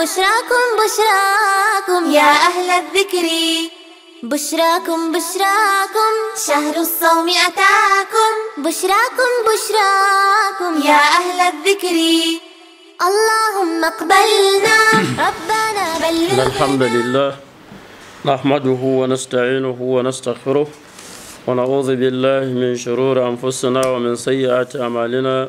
بشراكم بشراكم يا أهل الذكر بشراكم بشراكم شهر الصوم أتاكم بشراكم بشراكم يا أهل الذكر اللهم اقبلنا ربنا بلغنا الحمد لله نحمده ونستعينه ونستغفره ونعوذ بالله من شرور أنفسنا ومن سيئات أعمالنا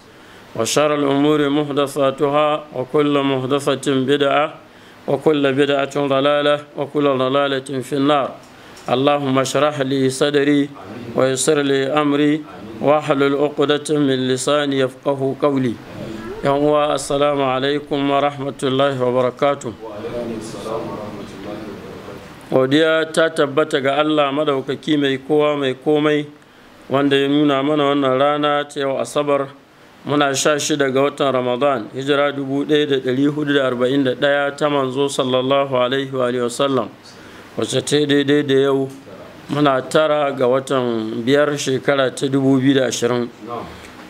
وشر الأمور محدثاتها وكل محدثة بدعة وكل بدعة ضلالة وكل ضلالة في النار اللهم اشرح لي صدري ويسر لي أمري واحلل عقدة من لساني يفقه قولي يوم السلام عليكم ورحمة الله وبركاته godiya ta tabbata ga Allah madaukaki mai kowa mai komai wanda ya nuna mana wannan rana ta yau asabar muna sha shi daga watan ramadan hijira 1441 ta manzo sallallahu alaihi wa sallam wacce ta daidai da yau muna tara ga watan biyar shekara ta 2020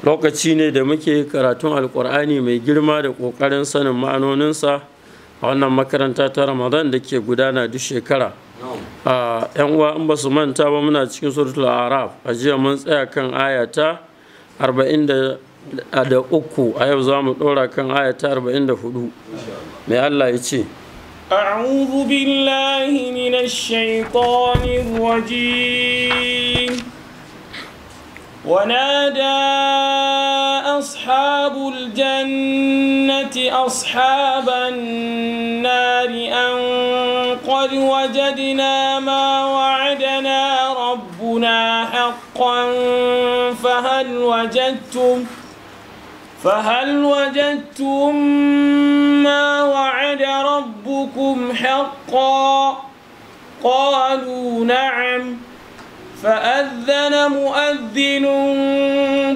lokaci ne da muke karatun alkur'ani mai girma da ƙoƙarin sanin ma'anoninsa a wannan makaranta ta ramadan da ke gudana duk shekara a yan uwa in ba su manta ba muna cikin suratul araf a jiya mun tsaya kan ayata 40 da uku a yau za mu ɗora kan aya ta arba'in da hudu mai Allah ya ce أعوذ بالله من الشيطان الرجيم ونادى أصحاب الجنة أصحاب النار أن قد وجدنا ما وعدنا ربنا حقا فهل وجدتم ؟ فهل وجدتم ما وعد ربكم حقا قالوا نعم فأذن مؤذن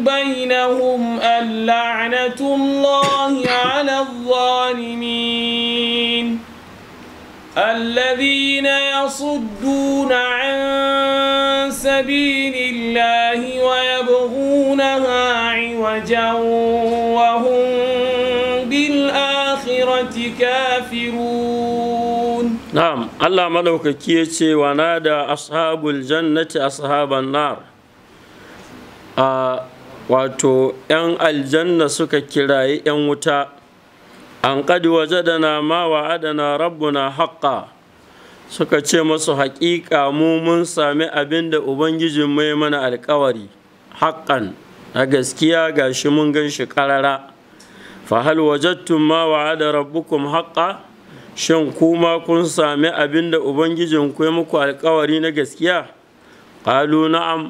بينهم اللعنة الله على الظالمين الذين يصدون عن سبيل الله ويبغونها عوجا وهم بالآخرة كافرون نعم الله ملوك كيتي ونادى أصحاب الجنة أصحاب النار آه واتو أن الجنة سكا كراي أن وتا an kadi wajadana ma wa'adana rabbuna haqqan suka ce masu haƙiƙa mu mun sami abinda da ubangijin mai mana alkawari haƙƙan na gaskiya gashi mun gan shi ƙarara fa hal wajadtum ma wa'ada rabbukum haƙa shin kuma kun sami abinda da ubangijin ku muku alkawari na gaskiya qalu na'am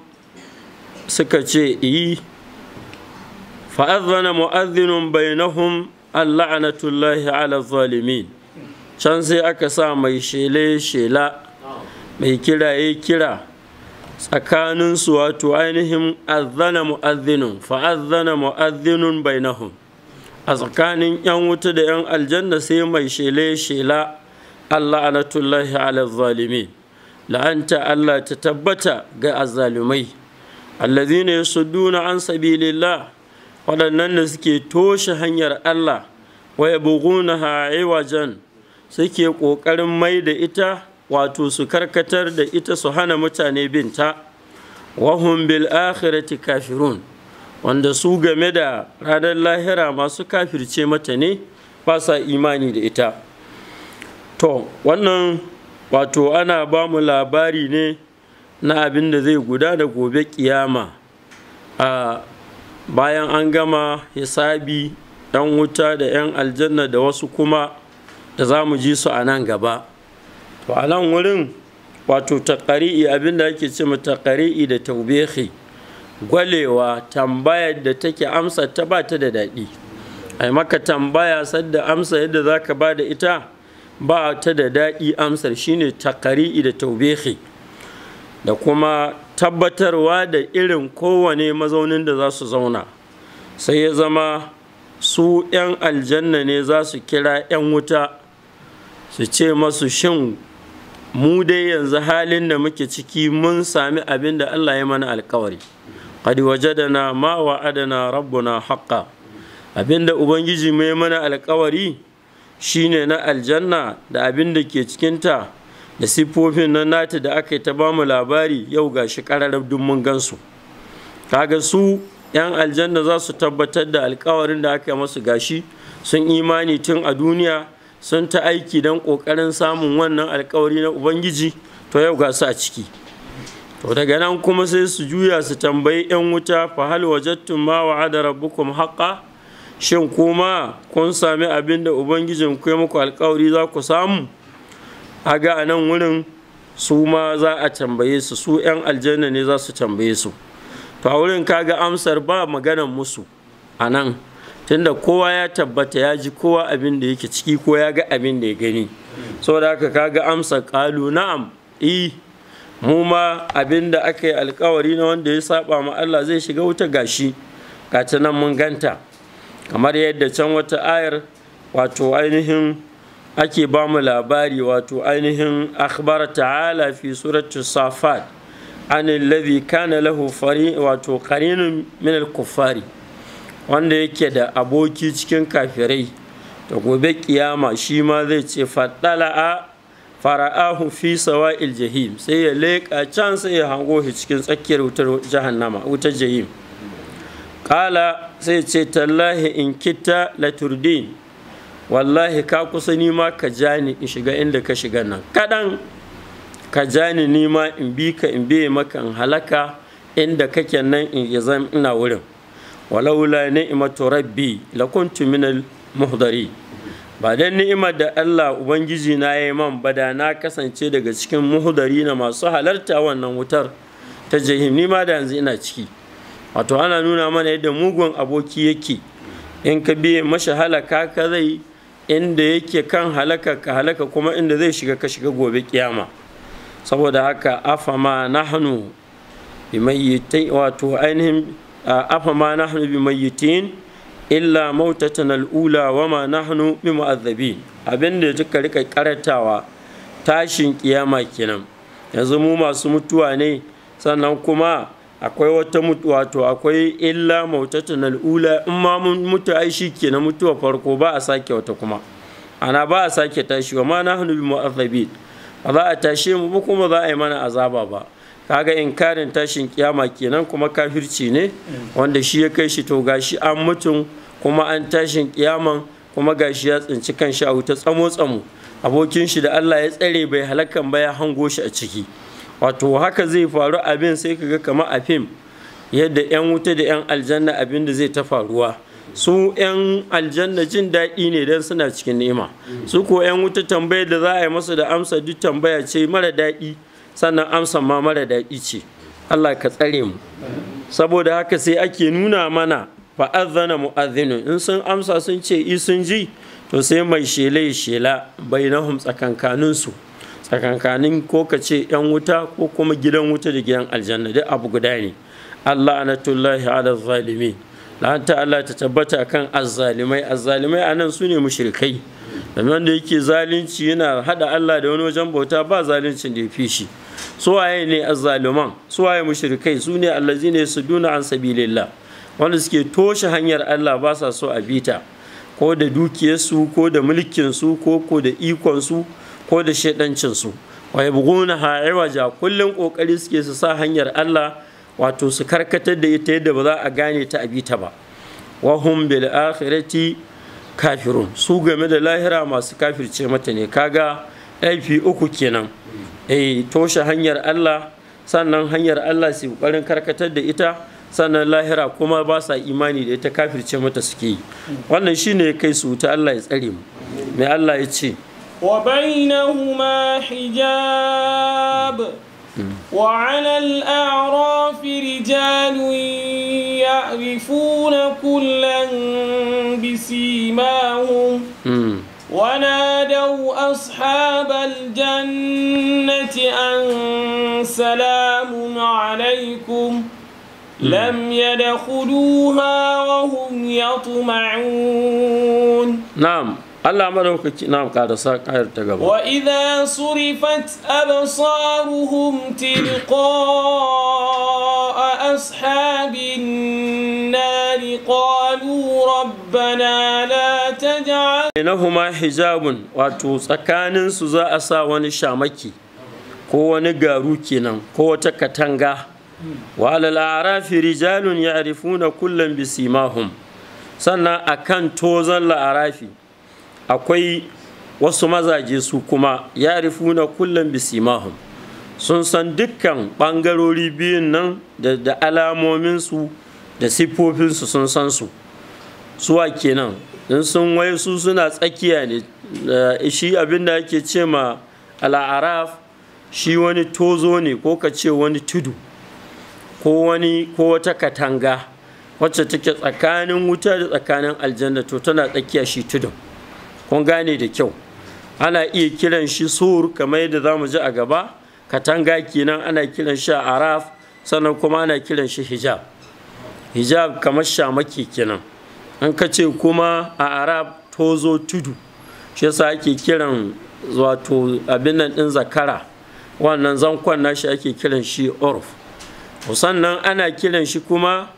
suka ce yi fa azana mu'adhdhinun bainahum Allah ala zalimin can sai aka sa mai shele shela mai kiraye kira tsakanin su wato ainihin azana mu'azzinun fa'azana mu'azzinun bainahum a tsakanin yan wuta da yan aljanna sai mai shele shela Allah tullahi ala zalimi la'anta Allah ta tabbata ga azzalumai allazina yasudduna an sabilillah waɗannan da suke toshe hanyar Allah wa yabghunaha wajen suke ƙoƙarin mai da ita wato su karkatar da ita su hana mutane binta wahun bil akhirati kafirun wanda su game da ranar lahira masu kafirce mata ne ba sa imani da ita to wannan wato ana ba mu labari ne na abin da zai guda da gobe kiyama a ah, bayan an gama hisabi ‘yan wuta da ‘yan aljanna da wasu kuma da za mu ji su a nan gaba to a nan wurin wato takari'i abin da ake ce mu taƙari'i da taubehi gwalewa tambayar da take amsa ta ba ta da daɗi ai maka tambaya sadda amsa yadda za ka ba da ita ba ta da daɗi amsar shine takari'i da taubehi da kuma tabbatarwa da irin kowane mazaunin da za su zauna sai ya zama su 'yan aljanna ne za su kira 'yan wuta su ce masu shin mu dai yanzu halin da muke ciki mun sami abin da Allah ya mana alkawari da na ma wa adana rabbuna haƙa abin da ubangiji mai mana alkawari shine na aljanna da abin da ke cikinta da siffofin nan nata da aka yi ta bamu labari yau ga shi ƙararrab duk gansu kaga su 'yan aljanna za su tabbatar da alkawarin da aka yi masu gashi sun imani tun a duniya sun ta aiki don ƙoƙarin samun wannan alkawari na ubangiji to yau ga su a ciki to daga nan kuma sai su juya su tambayi 'yan wuta fa hal wajattum ma wa'ada rabbukum haqqa shin kuma kun sami abin da ubangijin ku ya muku alkawari za ku samu haga a nan wurin su ma za a tambaye su su 'yan aljanna ne za su tambaye su to a wurin kaga amsar ba maganan musu a nan tunda kowa ya tabbata ya ji kowa abin da yake ciki ko ya ga abin da ya gani saboda haka kaga amsar kalu na'am i eh, mu ma abin da aka yi alkawari na wanda ya saba ma Allah zai shiga wuta gashi ga ta nan mun ganta kamar yadda can wata ayar wato ainihin ake ba mu labari wato ainihin akhbar ta'ala fi suratu safat an alladhi kana lahu fari wato qarinun min al-kuffari wanda yake da aboki cikin kafirai da gobe kiyama shi ma zai ce faɗala'a fara'ahu fi sawa'il jahim sai ya leka can sai ya hango shi cikin tsakiyar wutar jahannama wutar jahim ƙala sai ce tallahi in kitta laturdin wallahi ka kusa nima ka ja ni in shiga inda ka shiga nan kaɗan ka ja ni nima in bi ka in biye maka in halaka inda kake nan in ya zan ina wurin walaula to rabbi min al muhdari ba dan ni'imar da Allah ubangiji na yayi man bada na kasance daga cikin muhdari na masu halarta wannan wutar ta jahim nima da yanzu ina ciki wato ana nuna mana yadda mugun aboki yake in ka biye mashi halaka ka zai inda yake kan halaka ka halaka kuma inda zai shiga ka shiga gobe kiyama saboda haka afama nahnu bimayyitin wato ainihin afama nahnu bimayyitin illa mautatan al'ula wa ma nahnu bimu'azzabin abinda duka rika karatawa tashin kiyama kenan yanzu mu masu mutuwa ne sannan kuma akwai wata wato akwai illa mautatan al'ula in ma mutu ai shi ke na mutuwa farko ba a sake wata kuma ana ba a sake tashi wa ma nahnu bi mu'azzabin ba za a tashe mu ba kuma za a yi mana azaba ba kaga karin tashin kiyama kenan kuma kafirci ne wanda shi ya kai shi to gashi an mutum kuma an tashin kiyaman kuma gashi ya tsinci kan shi a wuta tsamo tsamo abokin shi da Allah ya tsare bai halakan ba ya hango shi a ciki wato haka zai faru abin sai ka ga kama a fim yadda 'yan wuta da 'yan aljanna abin da zai ta faruwa su 'yan aljanna jin daɗi ne don suna cikin nema su ko 'yan wuta tambayar da za a yi masa da amsa duk tambaya ce mara daɗi sannan amsa ma mara daɗi ce Allah ka tsare mu saboda haka sai ake nuna mana fa'azzana mu'azzinu in sun amsa sun ce i sun ji to sai mai shela ya shela bainahum tsakankaninsu tsakankanin ko ka ce yan wuta ko kuma gidan wuta da gidan aljanna duk abu guda ne Allah anatullahi ala zalimi la'anta Allah ta tabbata kan azzalimai azzalimai nan su ne mushrikai nan da yake zalunci yana hada Allah da wani wajen bauta ba zaluncin da ya fi shi suwaye ne azzaluman suwaye mushrikai su ne su duna an sabilillah wanda suke toshe hanyar Allah ba sa so a bita ko da dukiyarsu ko da mulkinsu ko ko da ikonsu ko da shaidancinsu wa yabghuna ha'iwaja kullum kokari suke su sa hanyar Allah wato su karkatar da ita yadda ba za a gane ta abi ta ba wa hum bil akhirati kafirun su game da lahira masu kafirce mata ne kaga laifi uku kenan eh toshe hanyar Allah sannan hanyar Allah su kokarin karkatar da ita sannan lahira kuma ba sa imani da ita kafirce mata suke yi wannan shine kai su ta Allah ya tsare mu mai Allah ya ce وبينهما حجاب وعلى الأعراف رجال يعرفون كلا بسيماهم ونادوا أصحاب الجنة أن سلام عليكم لم يدخلوها وهم يطمعون نعم Allah madaukaki na sa kayar ta gaba wa idza surifat absaruhum tilqa ashabin nar qalu rabbana la taj'al huma hijabun wato tsakanin su za a sa wani shamaki ko wani garu kenan ko wata katanga wa alal arafi rijalun ya'rifuna kullan bisimahum sannan akan tozan la'arafi akwai wasu mazaje su kuma ya na kullum bisimahum sun san dukkan ɓangarori biyun nan da alamominsu da siffofinsu sun san su suwa kenan in sun wai su suna tsakiya ne eh, shi abin da ake ce ma al'araf shi wani tozo ne ko ka ce wani tudu ko wani ko wata katanga wacce take tsakanin wuta da tsakanin aljanna to tana tsakiya shi tudun kun gane da kyau ana iya kiran shi sur kamar yadda za mu ji a gaba katanga kenan ana kiran shi araf sannan kuma ana kiran shi hijab hijab kamar shamaki kenan an ka ce kuma a arab tozo tudu shi yasa ake kiran wato abin nan ɗin zakara wannan zankon nashi ake kiran shi orf sannan ana kiran shi kuma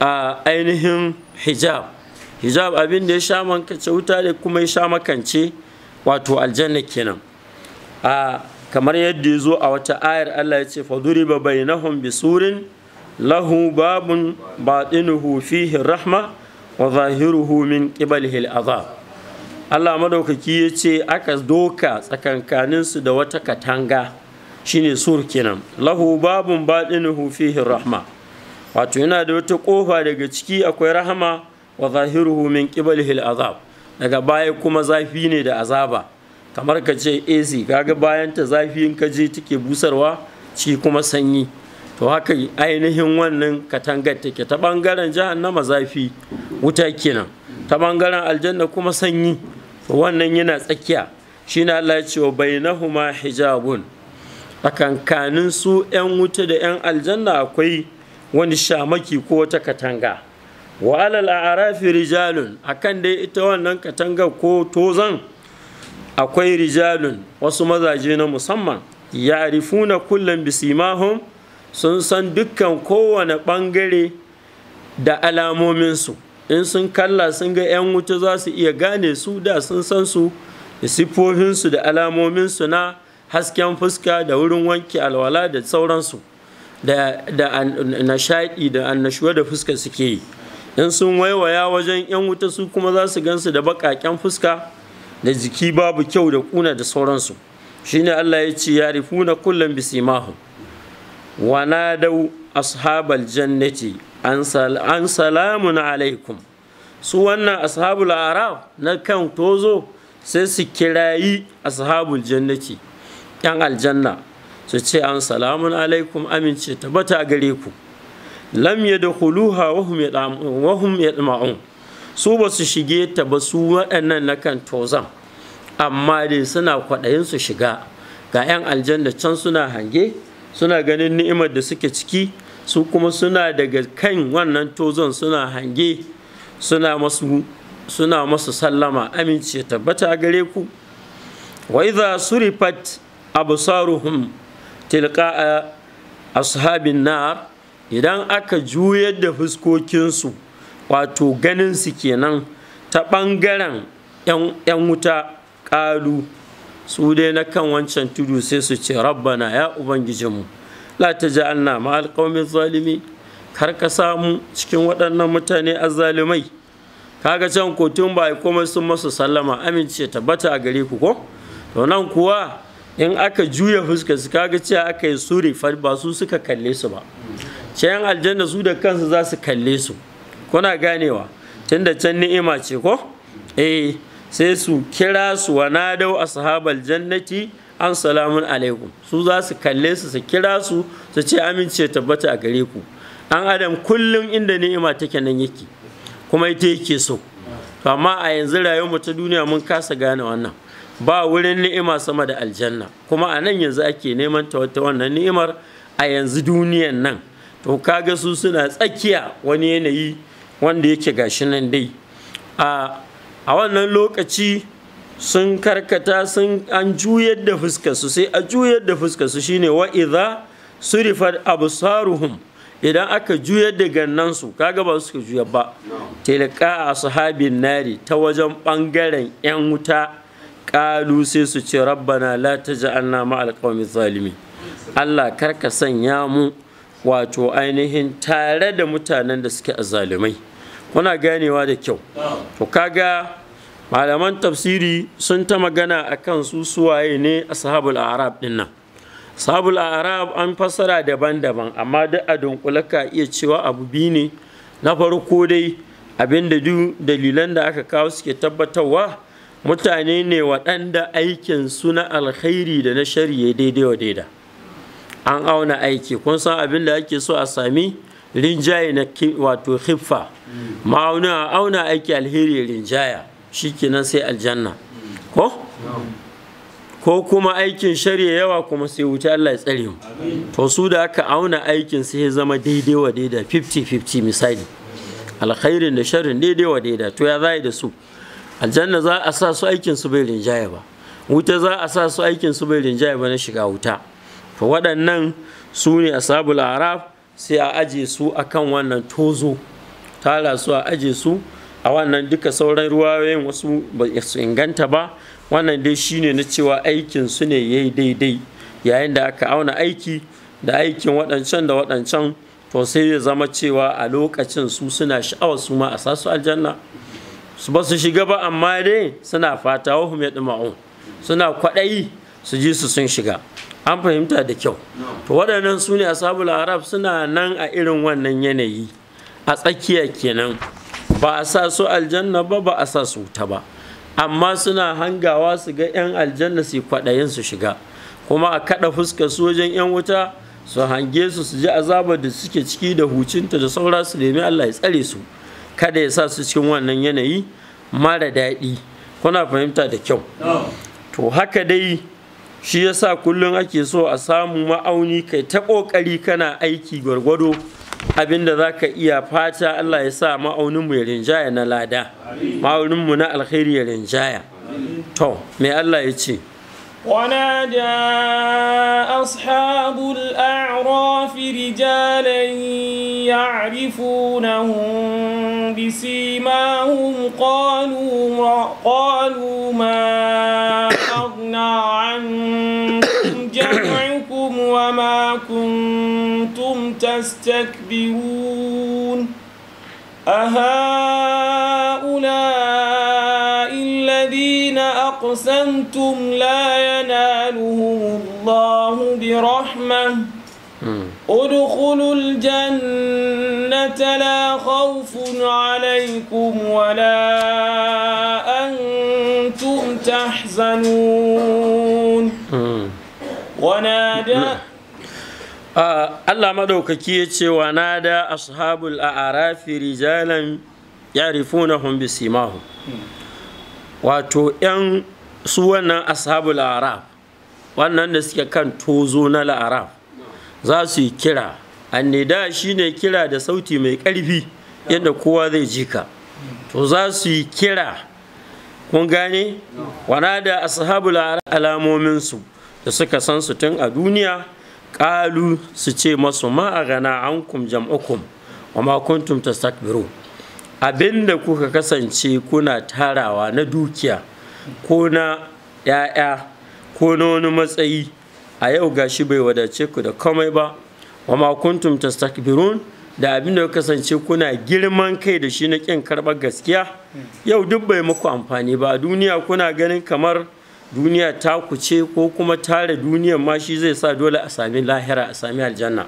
a ainihin hijab hijab abin da ya sha makance wuta da kuma ya sha makance wato aljanna kenan a kamar yadda ya zo a wata ayar Allah ya ce ba bainahum surin. lahu babun batinuhu fihi rahma wa zahiruhu min qibalihi al'azab Allah madaukaki ya ce aka doka su da wata katanga shine sur kenan lahu babun batinuhu fihi rahma wato yana da wata kofa daga ciki akwai rahama wa zahiruhu min qibalihi al'azab daga baya kuma zafi ne da azaba kamar ka ce AC kaga bayan ta zafi in ka je take busarwa ci kuma sanyi to haka ainihin wannan katangar take ta bangaren jahannama zafi wuta kenan ta bangaren aljanna kuma sanyi to wannan yana tsakiya shine Allah ya ce wa bainahuma hijabun tsakankanin su 'yan wuta da 'yan aljanna akwai wani shamaki ko wata katanga wa alal a'rafi rijalun akan dai ita wannan katanga ko tozan akwai rijalun wasu mazaje na musamman ya'rifuna kullum bisimahum sun san dukkan kowane ɓangare da alamominsu in sun kalla sun ga 'yan wuta za su iya gane su da sun san su da siffofinsu da alamominsu na hasken fuska da wurin wanke alwala da sauransu da nishaɗi da annashuwa da fuska suke yi in sun waiwaya wajen 'yan wuta su kuma za su gansu da baƙaƙen fuska da jiki babu kyau da kuna da sauransu shine Allah ya ce ya na kullum bisimahu wa nadau ashabal jannati an salamun alaikum su wannan ashabul araf na kan tozo sai su kirayi ashabul jannati yan aljanna su ce an salamun alaikum amince tabbata gare ku lam yadkhuluha wa hum yadma'un su ba su shige ta ba su waɗannan na kan tozan amma dai suna kwaɗayin su shiga ga 'yan aljanna can suna hange suna ganin ni'imar da suke ciki su kuma suna daga kan wannan tozon suna hange suna masu suna masu sallama amince tabbata gare ku wa idza surifat absaruhum tilqa ashabin nar idan aka juyar da fuskokinsu wato ganinsu kenan ta ɓangaren 'yan wuta ƙalu su dai na kan wancan tudu sai su ce rabbana ya ubangijinmu la ta ji anna ma zalimi kar ka samu cikin waɗannan mutane a zalimai kaga can kotun tun ba komai sun masu sallama amince tabbata a gare ku ko to nan kuwa in aka juya fuska su kaga cewa aka yi suri ba su suka kalle su ba shayan aljanna su da kansu za su kalle su kuna ganewa tunda can ni'ima ce ko eh sai su kira su wa nadau ashabal jannati an salamun alaikum su za su kalle su su kira su su ce amince tabbata a gare ku an adam kullum inda ni'ima take nan yake kuma ita yake so to amma a yanzu rayuwar ta duniya mun kasa gane wannan ba wurin ni'ima sama da aljanna kuma a nan yanzu ake neman ta wata wannan ni'imar a yanzu duniyan nan to kaga su suna tsakiya wani yanayi wanda yake gashi nan dai a wannan lokaci sun karkata sun an juyar da fuskarsu sai a juyar da fuskarsu shine wa idza surifat absaruhum idan aka juyar da gannansu kaga ba suka juya ba tilqa ashabin nari ta wajen bangaren yan wuta kalu sai su ce rabbana la taj'alna ma'al qaumi zalimin Allah karka sanya mu wato ainihin tare da mutanen da suke azzalumai kuna ganewa da kyau to kaga malaman tafsiri sun ta magana akan su suwaye ne ashabul arab din nan ashabul arab an fassara daban-daban amma duk a dunkule ka iya cewa abu biyu ne na farko dai abin da duk dalilan da aka kawo suke tabbatarwa mutane ne waɗanda aikin su na alkhairi da na shari'a daidai wa daidai an auna aiki kun san abin da ake so a sami rinjaye na wato hiffa ma'auna mm. auna aiki alheri rinjaya shikenan sai aljanna ko ko kuma aikin shari'a yawa kuma sai wuta Allah ya tsare mu to su da aka auna aikin sai ya zama daidai wa daida 50-50 misali alkhairin da sharrin daidai wa daida to ya zai da su aljanna za a sa su aikin su bai rinjaya ba wuta za a sa su aikin su bai rinjaya ba na shiga wuta Fa waɗannan su ne sabul araf sai a aje su a kan wannan tozo tara su a aje su a wannan duka sauran ruwayoyin wasu ba su inganta ba wannan dai shine na cewa aikin su ne yi daidai yayin da aka auna aiki da aikin waɗancan da waɗancan to sai ya zama cewa a lokacin su suna sha'awar su ma a sasu aljanna su ba su shiga ba amma dai suna fata wahum ya suna kwaɗayi su ji su sun shiga an fahimta da kyau to waɗannan su ne ashabul arab suna nan a irin wannan yanayi a tsakiya kenan ba a sa su aljanna ba ba a sa su wuta ba amma suna hangawa su ga 'yan aljanna su kwaɗayin su shiga kuma a kaɗa fuska su wajen 'yan wuta su hange su su ji azabar da suke ciki da hucinta da saura su nemi Allah ya tsare su kada ya sa su cikin wannan yanayi mara daɗi kuna fahimta da kyau to haka dai shi ya sa kullum ake so a samu ma'auni kai ta ƙoƙari kana aiki gwargwado abinda za ka iya fata Allah ya sa ma'auninmu ya rinjaya na lada ma'auninmu na alkhairi ya rinjaya to me Allah ya ce ونادى أصحاب الأعراف رجالا يعرفونهم بسيماهم قالوا قالوا ما أغنى عنكم جمعكم وما كنتم تستكبرون أهؤلاء أقسمتم لا ينالهم الله برحمة ادخلوا الجنة لا خوف عليكم ولا أنتم تحزنون ونادى Allah madaukaki ya ce wa nada ashabul a'rafi rijalan yarifunahum wato 'yan su wannan ashabu la'arab wannan da suke kan tozo na la'arab za su yi kira annida ne kira da sauti mai ƙarfi yadda kowa zai ji ka to za su yi kira kun gane wana da ashabu la'arab alamominsu da suka san su tun a duniya ƙalu su ce masu ma'agana kum jam'ukum wa ma kuntum tastakbiru abinda kuka kasance kuna tarawa na dukiya ko na ‘ya'ya ko na wani matsayi a yau ga shi bai wadace ku da komai ba wa ma kuntum tastakbirun da abin da kasance kuna girman kai da shi na ƙin karɓar gaskiya yau duk bai muku amfani ba duniya kuna ganin kamar duniya ta kuce ko kuma tare duniyar ma shi zai sa dole a sami lahira a sami aljanna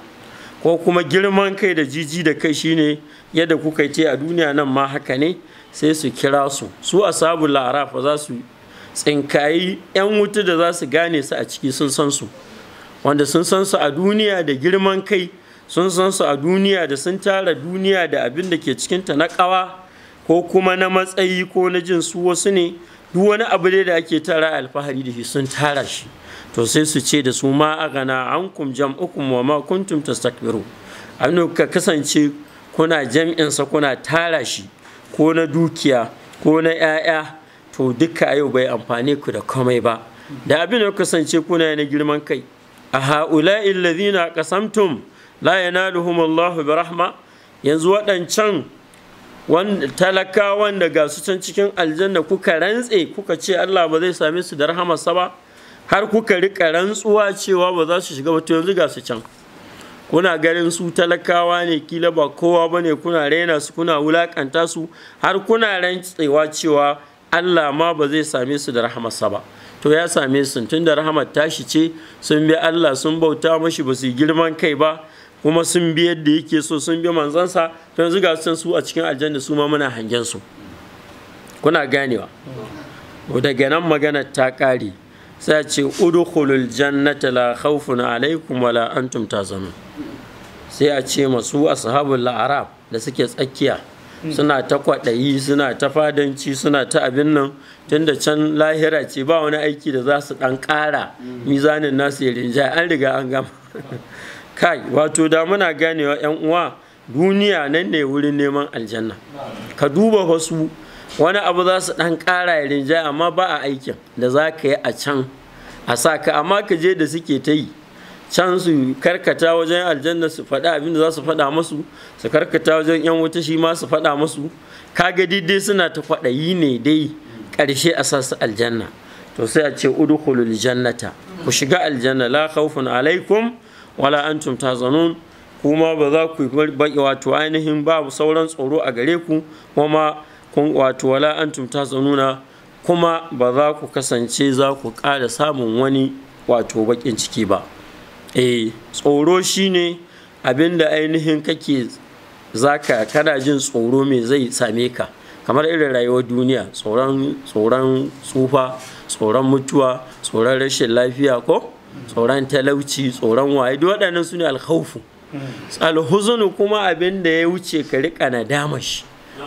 ko kuma girman kai da jiji da kai shine yadda kuka ce a duniya nan ma haka ne sai su kira su su sabu la'arafa za su tsinkayi 'yan wuta da za su gane su a ciki sun san su wanda sun san su a duniya da girman kai sun san su a duniya da sun tara duniya da abin da ke cikinta na kawa ko kuma na matsayi ko na jin su wasu ne duk wani abu dai da ake tara alfahari da shi sun tara shi to sai su ce da su ma a gana an kum jam'ukum wa ma kuntum tastakbiru abin da kasance kuna jam'insa kuna tara shi ko na dukiya ko na 'ya'ya to duka a yau bai amfani ku da komai ba da abin da kasance kuna na girman kai a ha'ula'i alladhina kasamtum la yanaluhum Allahu bi rahma yanzu waɗancan talakawan da ga su can cikin aljanna kuka rantse kuka ce Allah ba zai same su da rahamarsa ba har kuka rika rantsuwa cewa ba za su shiga ba to yanzu ga su can kuna ganin su talakawa ne kila ba kowa ba ne kuna raina su kuna wulakanta su har kuna rantsewa cewa Allah ma ba zai same su da rahamarsa ba to ya same su tun da rahamar tashi ce sun bi Allah sun bauta mashi ba su girman kai ba kuma sun bi yadda yake so sun bi manzansa to yanzu ga su a cikin aljanna su ma muna hangen su kuna ganewa daga nan magana ta kare sai ce udkhulul jannata la khawfun alaikum wala antum tazanun sai a ce masu ashabul la'arab da suke tsakiya hmm. suna ta kwaɗayi suna ta fadanci suna ta abin nan tunda can lahira ce ba wani aiki da za su ɗan ƙara hmm. mizanin nasu ya rinjaya an riga an gama kai wato da muna ganewa yan uwa duniya nan ne wurin neman aljanna ka duba wasu wani abu za su ɗan ƙara ya rinjaya amma ba a aikin da za ka yi a can a sa ka amma ka je da suke ta yi can su karkata wajen aljanna su faɗa abin za su faɗa masu su karkata wajen yan wuta shi ma su faɗa masu kaga dai suna ta kwaɗayi ne dai ƙarshe a sasu aljanna to sai a ce udkhulul jannata ku shiga aljanna la khawfun alaikum wala antum tazanun kuma ba za ku baki wato ainihin babu sauran tsoro a gare ku kuma kun wato wala antum tazanuna kuma ba za ku kasance za ku ƙara samun wani wato baƙin ciki ba eh tsoro shine abinda ainihin kake zaka kana jin tsoro me zai same ka kamar irin rayuwar duniya tsoron tsoron tsufa tsoron mutuwa tsoron rashin lafiya ko tsoron talauci tsoron waye duk waɗannan su ne alhaufu alhuzunu kuma abin da ya wuce ka riƙa nadama shi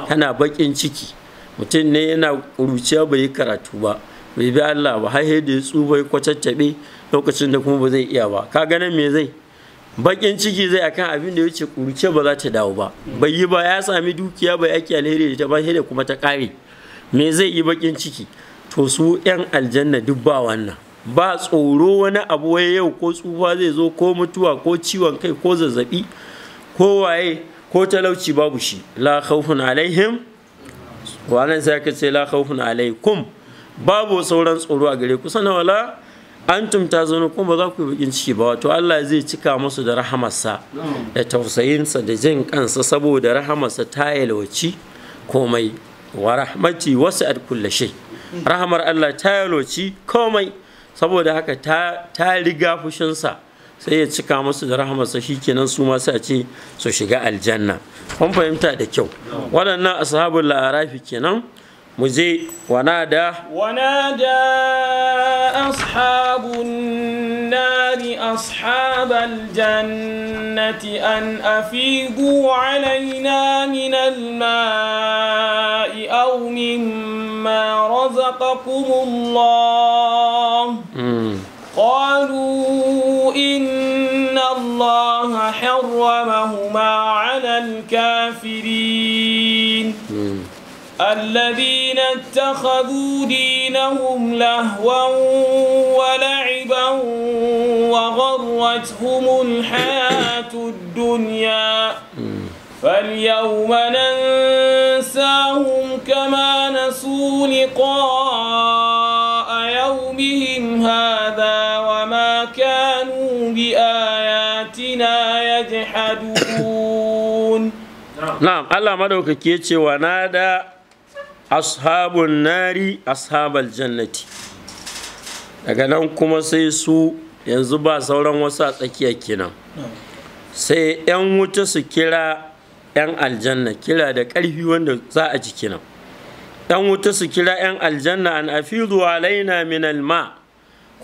kana baƙin ciki mutum ne yana ƙuruciya bai yi karatu ba bai bi Allah ba har da ya tsufa ya lokacin da kuma ba zai iya ba ka ganin me zai bakin ciki zai akan abin da ya ce kurce ba za ta dawo ba bai yi ba ya sami dukiya bai yake alheri da ta ba da kuma ta kare me zai yi bakin ciki to su yan aljanna duk ba wannan ba tsoro wani abu wai yau ko tsufa zai zo ko mutuwa ko ciwon kai ko zazzabi ko waye ko talauci babu shi la khawfun alaihim wannan sai ka ce la khawfun alaikum babu sauran tsoro a gare ku sanawala wala antum ta zaune kuma ba za ku yi bakin ciki ba wato Allah zai cika musu da rahamarsa da tausayinsa da jin kansa saboda rahamarsa ta yalwaci komai wa rahmati wasu ad kulle rahamar Allah ta yalwaci komai saboda haka ta, ta riga fushinsa sai ya cika musu da rahamarsa shi kenan su ma sai a ce su shiga aljanna kun fahimta da kyau waɗannan ashabul la'arafi kenan مزي ونادى ونادى أصحاب النار أصحاب الجنة أن أفيضوا علينا من الماء أو مما رزقكم الله قالوا إن الله حرمهما على الكافرين الذين اتخذوا دينهم لهوا ولعبا وغرتهم الحياة الدنيا فاليوم ننساهم كما نسوا لقاء يومهم هذا وما كانوا بآياتنا يجحدون نعم الله مدوكك يتشي ونادى ashabun nari ashabal jannati daga nan kuma sai su yanzu ba sauran wasu a tsakiya kinan sai 'yan wuta su kira 'yan aljanna kira da ƙarfi wanda za a ji kinan 'yan wuta su kira 'yan aljanna an afidu alaina min alma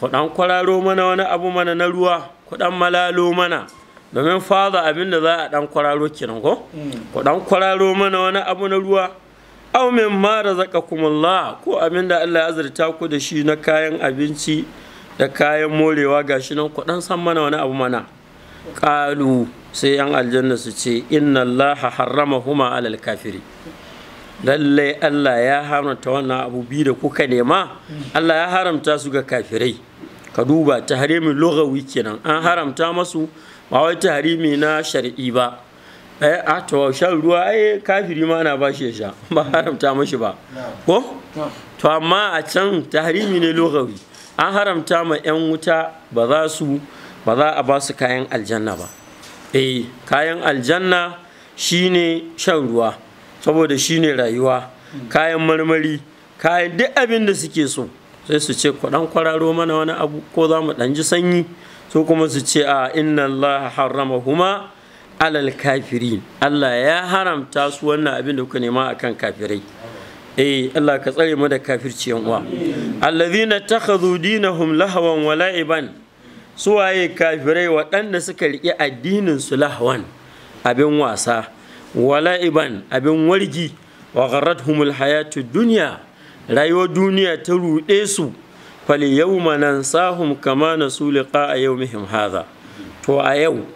kudan kwararo mana wani abu mana na ruwa kudan malalo mana domin fada abinda za a dan kwararo kenan ko mm. kudan kwararo mana wani abu na ruwa aw min ma razaqakumullah ko abin da Allah ya azurta ku da shi na kayan abinci da kayan morewa gashi nan ku dan san mana wani abu mana qalu sai yan aljanna su ce inna allaha harramahuma alal kafiri lallai Allah ya haramta wannan abu biyu da kuka nema Allah ya haramta su ga kafirai ka duba tahrimin lugawi kenan an haramta masu ba wai tahrimi na shar'i ba eh a ah, to shan ruwa eh kafiri ma ana bashi ya sha ba haramta mashi ba ko to amma a can tahrimi ne lokaci an haramta ma yan wuta ba za su ba za a ba su kayan aljanna ba eh kayan aljanna shine shan ruwa saboda shine rayuwa kayan marmari kayan duk abin da suke so sai su ce kudan kwararo mana wani abu ko za mu ɗan sanyi su kuma su ce a ah, inna allaha harrama huma alal kafirin Allah ya haramta su wannan abin da kuka nema akan kafirai eh Allah ka tsare mu da kafirci yan uwa allazina takhadhu dinahum lahawan wa la'iban suwaye kafirai waɗanda suka riƙe addinin su lahawan abin wasa wa la'iban abin wargi wa gharrathumul alhayatu dunya rayuwar duniya ta ruɗe su fal yawma nansahum kama nasu liqa a yawmihim hadha to a yau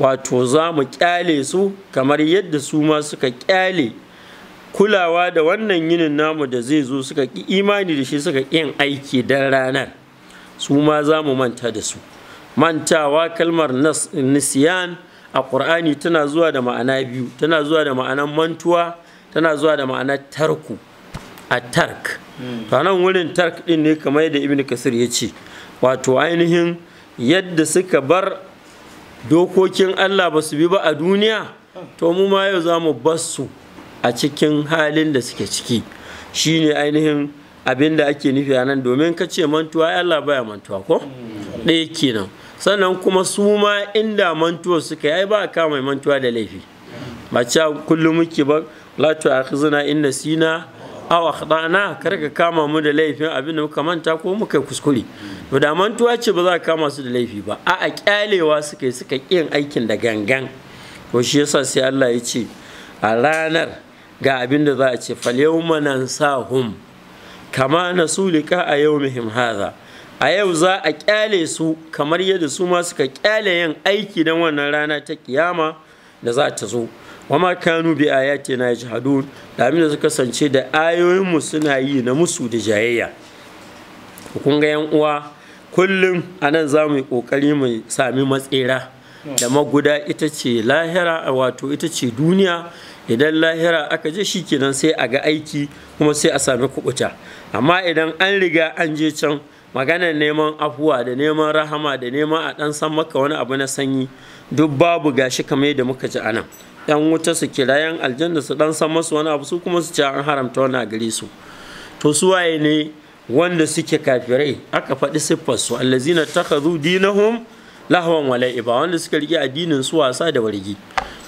wato za mu kyale su kamar yadda su ma suka kyale kulawa da wannan yinin namu da zai zo suka ki imani da shi suka yin aiki dan ranar su ma za mu manta da su mantawa kalmar nisiyan a ƙur'ani tana zuwa da ma'ana biyu tana zuwa da ma'anar mantuwa tana zuwa da ma'anar tarku a tark hmm. to wurin tark ɗin ne kamar yadda ibn kasir ya ce wato ainihin yadda suka bar dokokin Allah ba su bi ba a duniya to mu ma yau za mu su a cikin halin da suke ciki Shi ne ainihin abin da ake nufi a nan domin ka ce mantuwa Ya Allah baya mantuwa ko ɗaya kenan sannan kuma su ma inda mantuwa suka yi ba ka mai mantuwa da laifi ba cewa kullum muke ba la tu'akhizna in sina aw akhdana karka kama mu da laifin abinda muka manta ko muka kuskure to da mantuwa ce ba za ka kama su da laifi ba a a kyalewa suka yi suka kin aikin da gangan to shi yasa sai Allah ya ce a ranar ga abin da za a ce fal yawma nansahum kama nasulika a yawmihim hadha a yau za a kyale su kamar yadda su ma suka kyale yin aiki dan wannan rana ta kiyama da za ta zo wa ma kanu bi ayati na yajhadun da abin da suka kasance da ayoyin mu suna yi na musu da jayayya kun ga yan uwa kullum anan za mu yi kokari mu sami matsera da maguda ita ce lahira wato ita ce duniya idan lahira aka je shi kenan sai a ga aiki kuma sai a sami kubuta amma idan an riga an je can maganar neman afuwa da neman rahama da neman a ɗan san maka wani abu na sanyi duk babu gashi kamar yadda muka ji anan yan wuta su kira yan aljanna su dan san masu wani abu su kuma su ci an haramta wani a gare su to su waye ne wanda suke kafirai aka faɗi siffar su allazina takhadhu dinahum lahwan wala'iba wanda suka rike addinin su wasa da wargi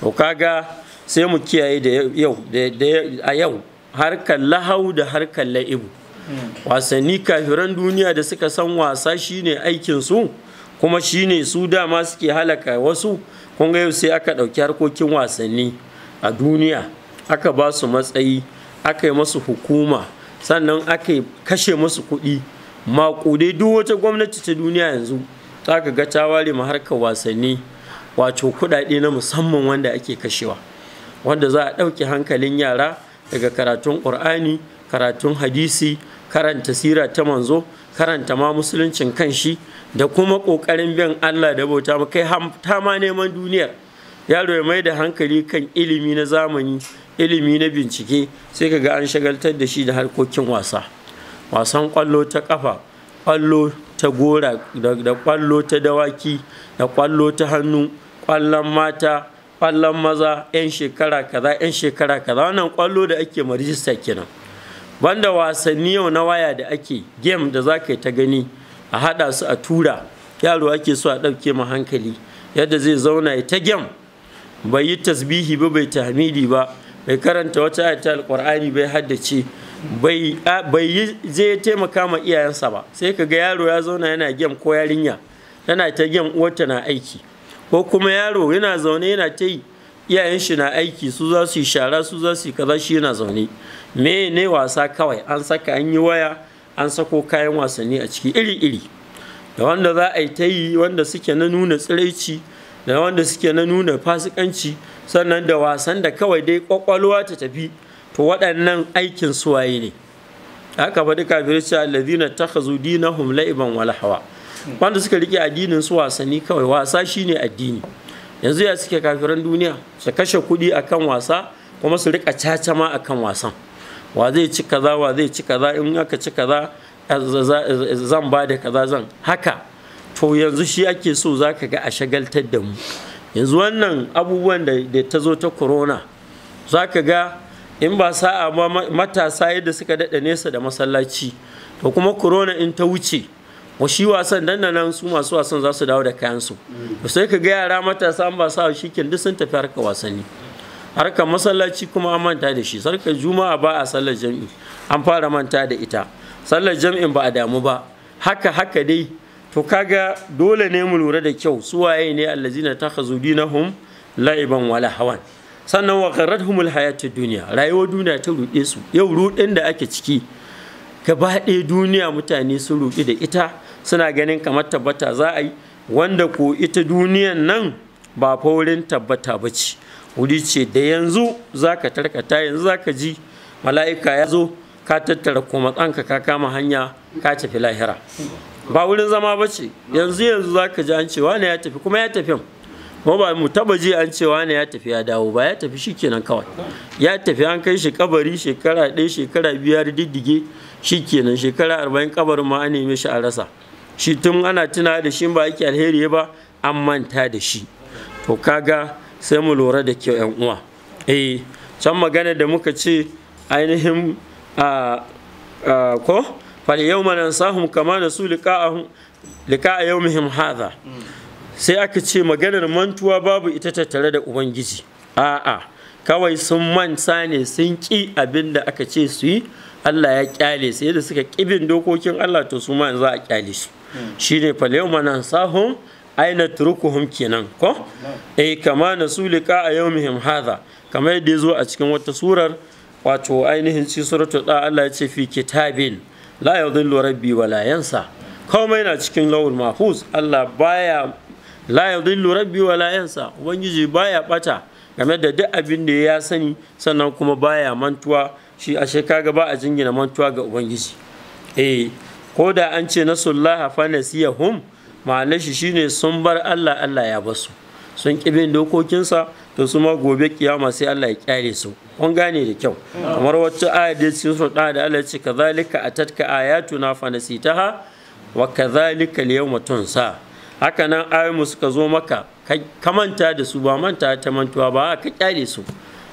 to kaga sai mu kiyaye da yau da a yau harkar lahau da harkar la'ibu wasanni kafiran duniya da suka san wasa shine aikin su kuma shine su dama suke halaka wasu kun ga yau sai aka ɗauki harkokin wasanni a duniya aka ba su matsayi aka yi masu hukuma sannan aka kashe masu kuɗi maƙudai duk wata gwamnati ta duniya yanzu za ka ga ta ware ma harkar wasanni wato kuɗaɗe na musamman wanda ake kashewa wanda za a ɗauki hankalin yara daga karatun ƙur'ani karatun hadisi karanta sira ta manzo karanta ma musuluncin kanshi da kuma ƙoƙarin bin Allah da bauta kai ta ma neman duniyar yaro ya mai da hankali kan ilimi na zamani ilimi na bincike sai ka ga an shagaltar da shi da harkokin wasa wasan kwallo ta kafa kwallo ta gora da kwallo ta dawaki da kwallo ta hannu kwallon mata kwallon maza 'yan shekara kaza 'yan shekara kaza wannan kwallo da ake marijista kenan banda wasanni yau na waya da ake game da za ka yi ta gani a haɗa su a tura yaro ake so a ɗauke ma hankali yadda zai zauna ya ta gyam bai yi tasbihi ba bai tahmidi ba bai karanta wata ayata alƙur'ani bai haddace bai yi zai taimaka ma iyayensa ba sai ka ga yaro ya zauna yana gyam ko yarinya tana ta gyam uwarta na aiki ko kuma yaro yana zaune yana ta yi iyayen shi na aiki su za su yi shara su za su yi kaza shi yana zaune me ne wasa kawai an saka an yi waya an sako kayan wasanni a ciki iri-iri da wanda za a yi ta yi wanda suke na nuna tsiraici da wanda suke na nuna fasikanci sannan da wasan da kawai dai kwakwalwa ta tafi to waɗannan aikin suwaye ne haka faɗi kafirai cewa allazina takhazu dinahum la'iban wal hawa wanda suka rike addinin su wasanni kawai wasa shine addini yanzu ya suke kafiran duniya su kashe kuɗi akan wasa kuma su rika caca ma akan wasan wa zai ci kaza wa zai ci kaza in aka ci kaza eh, eh, zan ba da kaza zan haka to yanzu shi ake so za ka ga a shagaltar da mu yanzu wannan abubuwan da ta zo ta corona za ka ga in ba sa'a ba matasa yadda suka daɗa nesa da masallaci to kuma corona in ta wuce wa shi wasan dan nan su masu wasan za su dawo da kayansu mm. sai ka ga yara matasa an ba sa shikin duk sun tafi harka wasanni harkar masallaci kuma an manta da shi sarkar juma'a ba a sallar jam'i an fara manta da ita sallar jam'in ba a damu ba haka haka dai to kaga dole ne mu lura da kyau su waye ne allazina takhazu dinahum la'iban wala hawan sannan wa gharratuhumul hayatud dunya rayuwar duniya ta ruɗe su yau ruɗin da ake ciki gaba ɗaya duniya mutane sun ruɗi da ita suna ganin kamar tabbata za a yi wanda ko ita duniyan nan ba faurin tabbata ba ce wuri ce da yanzu za ka tarkata yanzu za ka ji mala'ika ya zo ka tattara kuma tsanka ka kama hanya ka tafi lahira ba wurin zama ba ce yanzu yanzu za ka ji an cewa ne ya tafi kuma ya tafi ba mu taba ji an cewa ne ya tafi ya dawo ba ya tafi shikenan kawai ya tafi an kai shi kabari shekara ɗaya shekara biyar diddige shikenan shekara arba'in kabarin ma an neme shi a rasa shi tun ana tuna da shi ba ake alheri ba an manta da shi to kaga sai mu lura da kyau yan uwa eh can magana da muka ce ainihin a ko fal yawma nansahum kama nasu liqa'ahum liqa'a yawmihim hadha sai aka ce maganar mantuwa babu ita tattare da ubangiji a'a kawai sun manta ne sun ƙi abinda aka ce su yi Allah ya kyale su yadda suka kibin dokokin Allah to su ma za a kyale su hmm. shine fal yawma nansahum aina turukuhum kenan ko eh kama nasulika a yawmihim hadha kamar yadda zo a cikin wata surar wato ainihin ci suratul da Allah ya ce fi kitabin la yadhillu rabbi wa la yansa komai na cikin lawul mahfuz Allah baya la yadhillu rabbi wa la yansa ubangiji baya bata game da duk abin da ya sani sannan kuma baya mantuwa shi a shekaga ba a jingina mantuwa ga ubangiji eh ko da an ce nasullaha fa nasiyahum ma'anar shi shine sun bar Allah Allah ya basu sun kibin dokokinsa to su ma gobe kiyama sai Allah ya kyare su kun gane da kyau kamar wata aya da su sura da Allah ya ce kazalika atatka ayatuna fa nasitaha wa kazalika alyawma tunsa haka nan mu suka zo maka ka manta da su ba manta ta mantuwa ba ka kyare su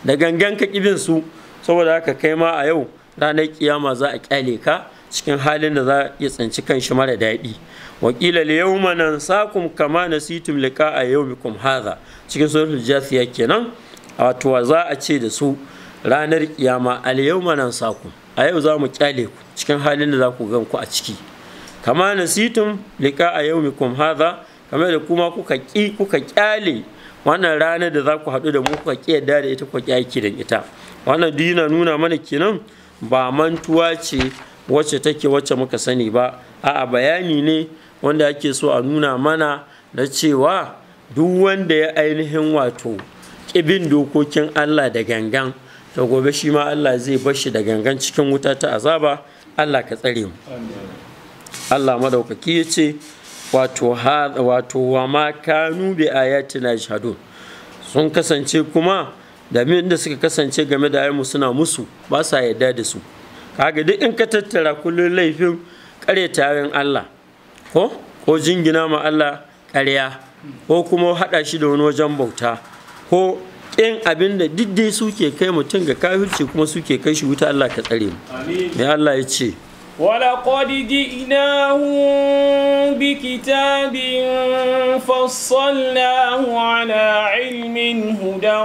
da gangan ka kibin su saboda haka kai ma a yau ranar kiyama za a kyale ka cikin halin da za ya tsinci kan shi mara daɗi wakila اليوم ننساكم kama نسيتم لقاء يومكم هذا cikin suratul jathiya kenan wato za a ce da su ranar kiyama al yawma nansakum a yau za mu kyale ku cikin halin da za ku gan ku a ciki kama nasitum a yawmikum hadha kamar da kuma kuka ki kuka kyale wannan ranar da za ku haɗu da mu kuka ki yadda da ita kuka kyaki da ita wannan dina nuna mana kenan ba mantuwa ce wacce take wacce muka sani ba a'a bayani ne wanda ake so a nuna mana na cewa duk wanda ya ainihin wato ƙibin dokokin Allah da gangan to gobe shi ma Allah zai bar shi da gangan cikin wuta ta azaba Allah ka tsare mu Allah madaukaki ya ce wato wato wa ma kanu bi ayatina shahadu sun kasance kuma da da suka kasance game da ayyanmu suna musu ba sa yarda da su kaga duk in ka tattara kullun laifin ƙare yarin Allah ko ko jingina ma Allah ƙarya ko kuma haɗa shi da wani wajen bauta ko ƙin abin da diddai suke kai mutum ga kafirci kuma suke kai shi wuta Allah ka tsare mu mai Allah ya ce ولقد جئناهم بكتاب فصلناه على علم هدى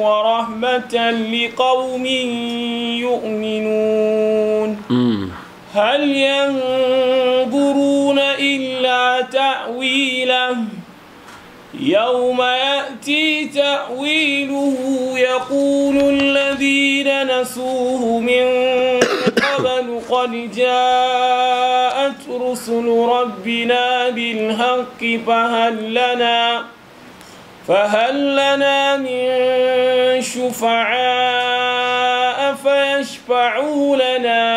ورحمة لقوم يؤمنون هل ينظرون إلا تأويله يوم يأتي تأويله يقول الذين نسوه من قبل قد جاءت رسل ربنا بالحق فهل لنا فهل لنا من شفعاء فيشفعوا لنا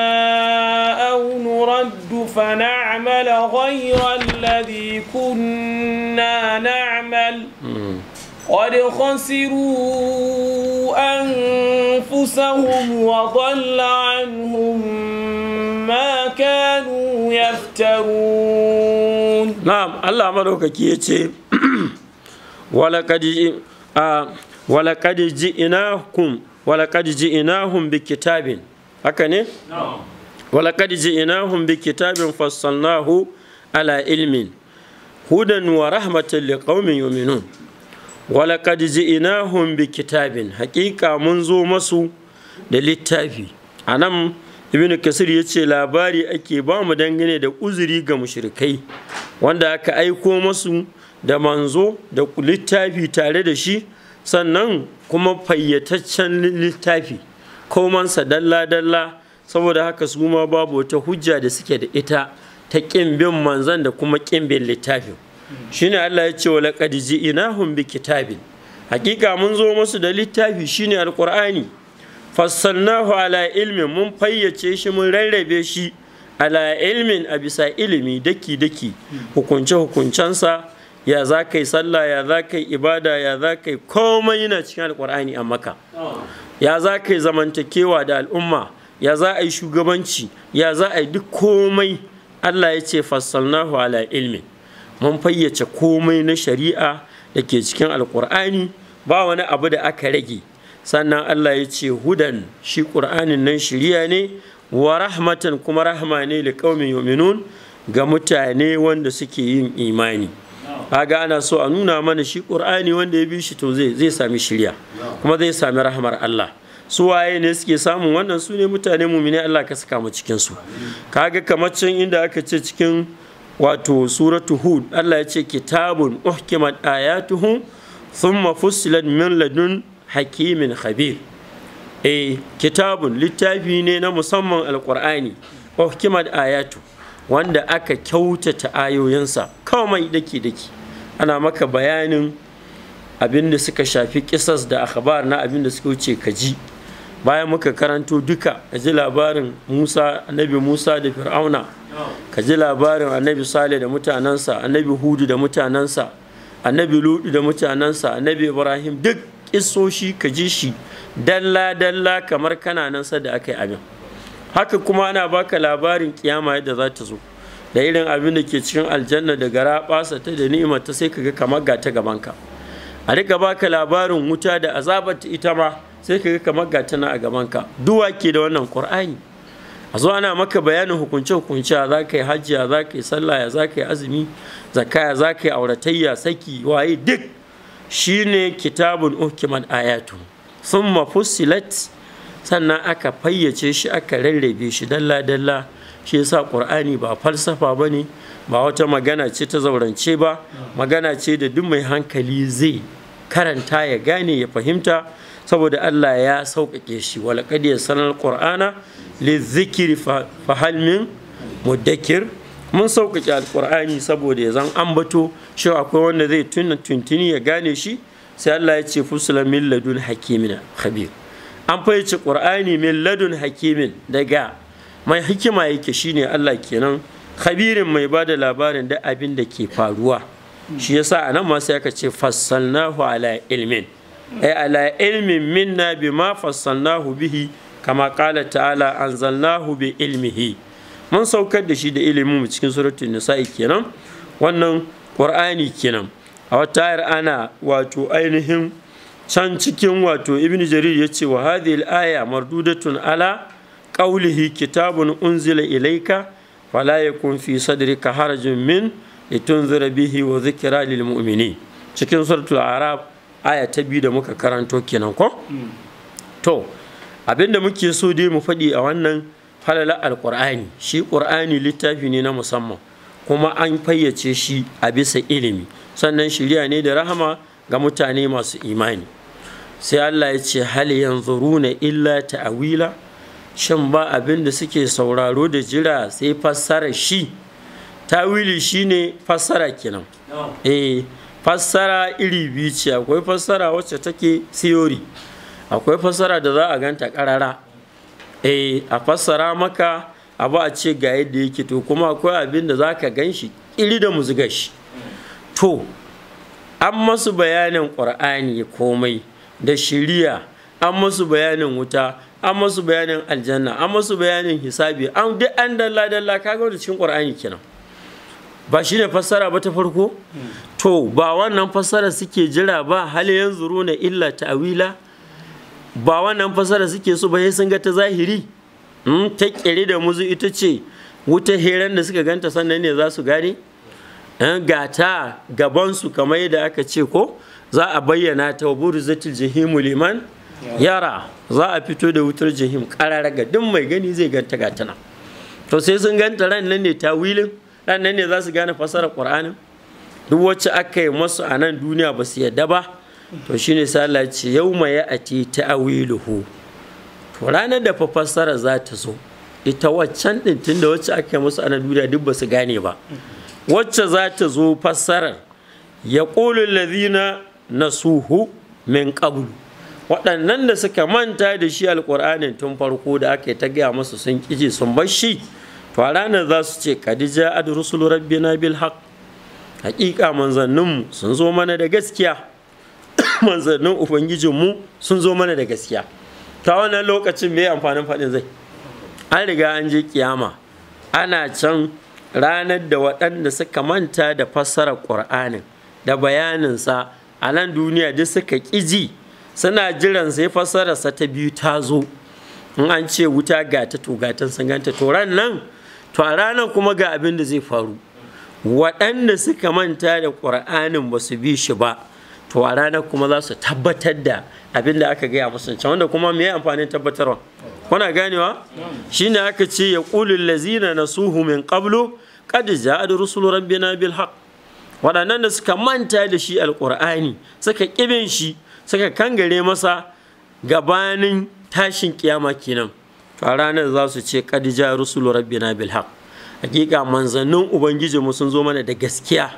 أو نرد فنعمل غير الذي كنا نعمل قد خسروا أنفسهم وضل عنهم ما كانوا يفترون نعم الله ملوك كيتي ولقد آه ولقد جئناكم ولقد جئناهم بكتاب هكا نعم walaƙad ji'inahum bi kitabin fassalnahu ala ilmin hudan wa rahmatan liqaumin yu'minun walaƙad ji'inahum bi kitabin haƙiƙa mun zo masu da littafi a nan ibn kasir ya ce labari ake ba mu dangane da uzuri ga mushrikai wanda aka aiko masu da manzo da littafi tare da shi sannan kuma fayyataccen littafi komansa dalla-dalla saboda haka su ma babu wata hujja da suke da ita ta ƙin bin manzan da kuma ƙin bin littafin shine Allah ya ce wa laqad ji'nahum bi kitabin hakika mun zo musu da littafi shine alqur'ani fassalnahu ala ilmin mun fayyace shi mun rarrabe shi ala ilmin a bisa ilimi daki daki hukunce hukuncensa ya za ka yi sallah ya za ka yi ibada ya za ka yi komai yana cikin alkur'ani a maka ya za ka yi zamantakewa da al'umma ya za a yi shugabanci ya za a yi duk komai Allah ya ce fassalnahu ala ilmi. mun fayyace komai na shari'a da ke cikin alkur'ani ba wani abu da aka rage sannan Allah ya ce hudan shi ƙur'anin nan shiriya ne wa rahmatan kuma rahma ne da ƙaumin yuminun ga mutane wanda suke yin imani kaga ana so a nuna mana shi ƙur'ani wanda ya bi shi to zai sami shirya kuma zai sami rahmar Allah su waye ne suke samun wannan su ne mutane mumine Allah ka saka mu cikin su kaga kamar can inda aka ce cikin wato suratu hud Allah ya ce kitabun uhkimat ayatuhu thumma fussilat min ladun hakimin khabir eh kitabun littafi ne na musamman alqur'ani uhkimat ayatu wanda aka kyautata ayoyinsa kawai daki daki ana maka bayanin abin da suka shafi kisas da akhbar na abin da suka wuce kaji bayan muka karanto duka ka ji labarin musa annabi musa da fir'auna ka ji labarin annabi sale da mutanensa annabi hudu da mutanensa annabi ludu da mutanensa annabi ibrahim duk isoshi ka ji shi dalla dalla kamar kananan sa da aka yi abin haka kuma ana baka labarin kiyama yadda za ta zo da irin abin da ke cikin aljanna da gara basa ta da ni'ima ta sai ka ga kamar ga ta gabanka a rika baka labarin wuta da azabar ita ma sai ka ga kamar ga tana a gabanka duwa ke da wannan qur'ani a zo ana maka bayanin hukunce hukunce za ka yi hajji za ka yi sallah ya za ka yi azumi zakaya za ka yi auratayya saki waye duk shine kitabun uhkimat ayatu thumma fussilat sannan aka fayyace shi aka rarrabe shi dalla dalla shi yasa qur'ani ba falsafa bane ba wata magana ce ta zaurance ba magana ce da duk mai hankali zai karanta ya gane ya fahimta saboda Allah ya sauƙaƙe shi walaƙad ya sanar ƙur'ana, fa zikiri min mun sauƙaƙe alƙur'ani saboda ya zan ambato shi akwai wanda zai tuna tuntuni ya gane shi sai Allah ya ce fusula min ladun hakimina khabir an fahimci ƙur'ani min ladun hakimin daga mai hikima yake shine Allah kenan khabirin mai ba da labarin da abin da ke faruwa shi yasa a nan masu aka ce fassalnahu ala ilmin ai ala ilmin minna ma fassalnahu bihi kama qala ta'ala anzalnahu bi ilmihi mun saukar da shi da ilimin cikin suratul nisa kenan wannan qur'ani kenan a wata ayar ana wato ainihin can cikin wato ibnu jarir ya ce wa hadhihi al-aya mardudatun ala qawlihi kitabun unzila ilayka fala yakun fi sadrika harajun min litunzira bihi wa dhikra lil mu'minin cikin suratul arab aya ta biyu da muka karanto kenan ko to abinda muke so dai mu faɗi a wannan falala alƙur'ani shi ƙur'ani littafi ne na musamman kuma an fayyace shi a bisa ilimi sannan shirya ne da rahama ga mutane masu imani sai Allah ya ce hal yanzuruna illa tawila shin ba abin da suke sauraro da jira sai fassara shi tawili shine fassara kenan eh fassara iri biyu ce akwai fassara wacce take siyori akwai fassara da za a ganta karara e eh, a fassara maka abu a ce ga yadda yake to kuma akwai abin da za ka gan shi iri da muzuga shi to an masu bayanin ƙwar'ani komai da shiriya an masu bayanin wuta an masu bayanin aljanna an masu bayanin hisabi an duk an dalla dalla kaga wanda cikin ƙwar'ani kenan ba shi ne fassara ba ta farko to ba wannan fassara suke jira ba hali yanzu runa illa ta'wila ba wannan fassara suke so ba sun ga ta zahiri hmm, ta kere da muzu ita ce wuta heran da suka ganta sannan ne za su gane eh, Gata gaban gabansu kamar yadda aka ce ko za a bayyana ta zatil jahimu liman yara za a fito da wutar jahim kararraga duk mai gani zai ganta gata to sai sun ganta ran nan ne tawilin nan ne za su gane fasarar qur'anin duk wacce aka yi masu a nan duniya ba su yadda ba to shi ne Allah ce ma ya ati to ranar da fasara za ta zo ita waccan tun da wacce aka yi masu a nan duniya duk ba su gane ba wacce za ta zo fassarar ya ƙulun na suhu min ƙablu waɗannan da suka manta da shi alƙur'anin tun farko da aka yi ta gaya masu sun ƙiji sun bar shi to a ranar za su ce kadija ad rabbina bil haq haƙiƙa manzanninmu sun zo mana da gaskiya manzannin ubangijinmu sun zo mana da gaskiya ta wannan lokacin me amfanin faɗin zai an riga an je kiyama ana can ranar da waɗanda suka manta da fassarar ƙur'anin da bayaninsa a nan duniya duk suka ƙiji suna jiran sai fassararsa ta biyu ta zo in an ce wuta gata to gatan sun ganta to ran nan to a ranar kuma ga abin da zai faru waɗanda suka manta da ƙur'anin ba su bi shi ba to a ranar kuma za su tabbatar da abin da aka gaya musu can wanda kuma me amfanin tabbatarwa kuna ganewa shine aka ce ya qulul lazina nasuhu min qablu qad ja'a rusulu rabbina bil haqq waɗannan da suka manta da shi alƙur'ani suka ƙibin shi suka kangare masa gabanin tashin ƙiyama kenan a ranar za su ce kadija rusul rabbina bil hakika manzannin ubangijinmu sun zo mana da gaskiya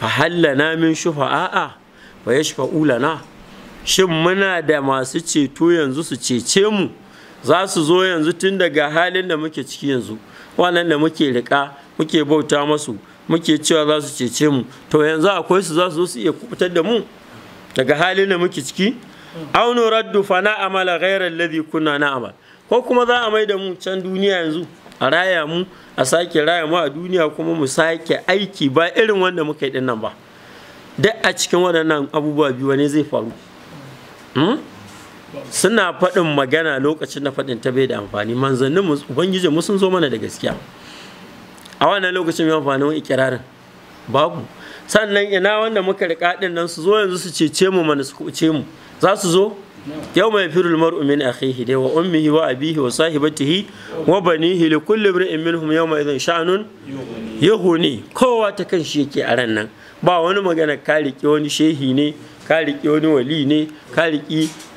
fa hallana min shufa'a fa yashfa'u lana shin muna da masu ceto yanzu su cece mu za su zo yanzu tun daga halin da muke ciki yanzu wannan da muke riƙa muke bauta masu muke cewa za su cece mu to yanzu akwai su za su zo su iya kubutar da mu daga halin da muke ciki aunu raddu fa amala ghairal ladhi kunna na amal ko kuma za a mai da mu can duniya yanzu a raya mu a sake raya mu a duniya kuma mu sake aiki ba irin wanda muka yi dinnan ba duk a cikin waɗannan abubuwa biyu ne zai faru hmm? suna faɗin magana lokacin na faɗin ta bai da amfani manzannin ubangiji mu sun zo mana da gaskiya a wannan lokacin mai amfanin ikirarin babu sannan ina wanda muka riƙa ɗin nan su zo yanzu su cece mu mana su kuce mu za su zo yau mai firul mar'u min akhihi dai wa ummihi wa abihi wa sahibatihi wa banihi li kulli imrin minhum yawma idhin sha'nun yughni kowa ta kan yake a ran nan ba wani magana ka wani shehi ne ka wani wali ne ka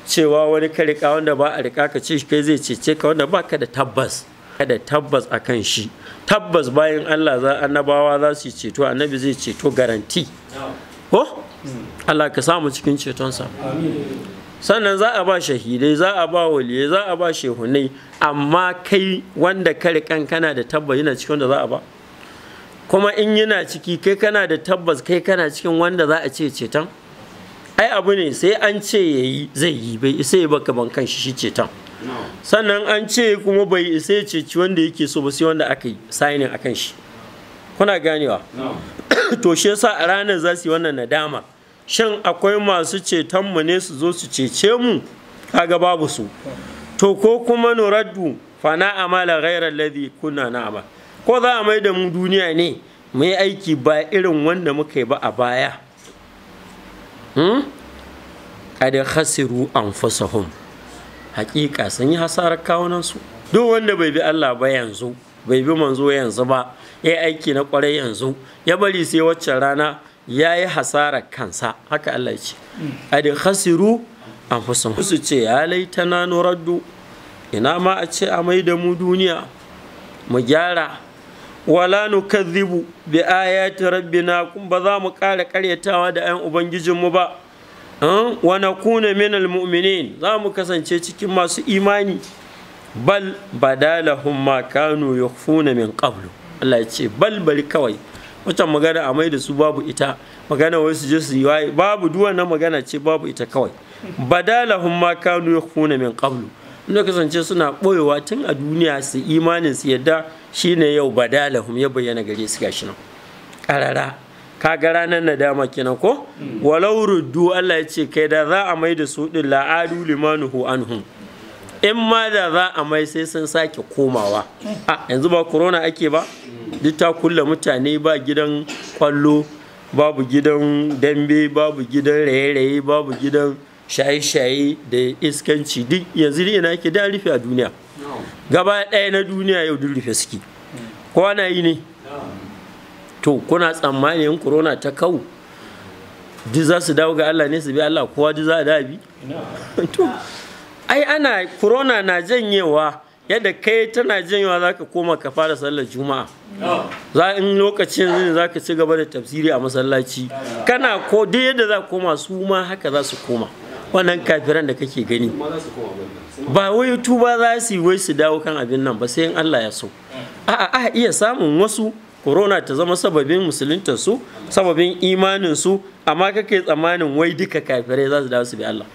cewa wani karika riƙa wanda ba a rika ka ce kai zai cece ka wanda baka da tabbas da tabbas a kan shi tabbas bayan Allah za annabawa za su ceto annabi zai ceto garanti ko Allah ka samu cikin cetonsa sannan za a ba shahidai za a ba waliyai za a ba shehunai amma kai wanda kare kan kana da tabbas yana cikin wanda za a ba kuma in yana ciki kai kana da tabbas kai kana cikin wanda za a ce ceton ai abu ne sai an ce ya yi zai yi bai isa ya baka ban kan shi shi ceton sannan an ce kuma bai isa ya ceci wanda yake so ba sai wanda aka yi sainin akan shi kuna ganewa to shi yasa a ranar za su yi wannan nadama shin akwai masu cetonmu ne su zo su cece mu kaga babu su to ko kuma nuraddu fana amala ghaira alladhi kunna na'ama ko za a mai da mu duniya ne mu yi aiki ba irin wanda muka yi ba a baya hmm? kada khasiru anfusahum hakika sun yi hasarar su. duk wanda bai bi Allah ba yanzu bai bi manzo yanzu ba ya aiki na kwarai yanzu ya bari sai waccan rana ya yi hasarar kansa haka Allah ce adi khasiru an fusun su ce ya laita na nuraddu ina ma a ce a mai da mu duniya mu gyara wala kadhibu bi ayati rabbina kun ba za mu ƙara karyatawa da ayan mu ba wa nakuna minal mu'minin za mu kasance cikin masu imani bal badalahum ma kanu yakhfuna min qablu Allah ya ce bal bari kawai wancan magana a mai da su babu ita magana wai su je su yi waye babu duk wannan magana ce babu ita kawai badalahum ma kanu yakhuna min qablu da kasance suna boyewa tun a duniya su imanin su yadda shine yau badalahum ya bayyana gare su gashi nan karara kaga ranar nadama kenan ko hmm. walau ruddu Allah ya ce kai da za a mai da su din la'adu limanuhu anhum in ma da za a mai sai sun sake komawa a yanzu ba corona ake ba duk ta kulle mutane ba gidan kwallo babu gidan dambe babu gidan raye-raye babu gidan shaye-shaye da iskanci duk yanzu ne ake da rufe a duniya gaba ɗaya na duniya yau duk rufe suke kowa na yi ne to kuna tsammani yin corona ta kau duk za su dawo ga Allah ne su bi Allah kowa duk za a dabi ai ana corona na janyewa yadda kai tana janyewa za ka koma ka fara sallar juma'a za in lokacin zai za ka ci gaba da tafsiri a masallaci kana ko duk yadda za koma su ma haka za su koma wannan kafiran da kake gani ba wai tuba za su yi wai su dawo kan abin nan ba sai in Allah ya so a'a a iya samun wasu corona ta zama sababin musuluntar su sababin imanin su amma kake tsammanin wai duka kafirai za su dawo su bi Allah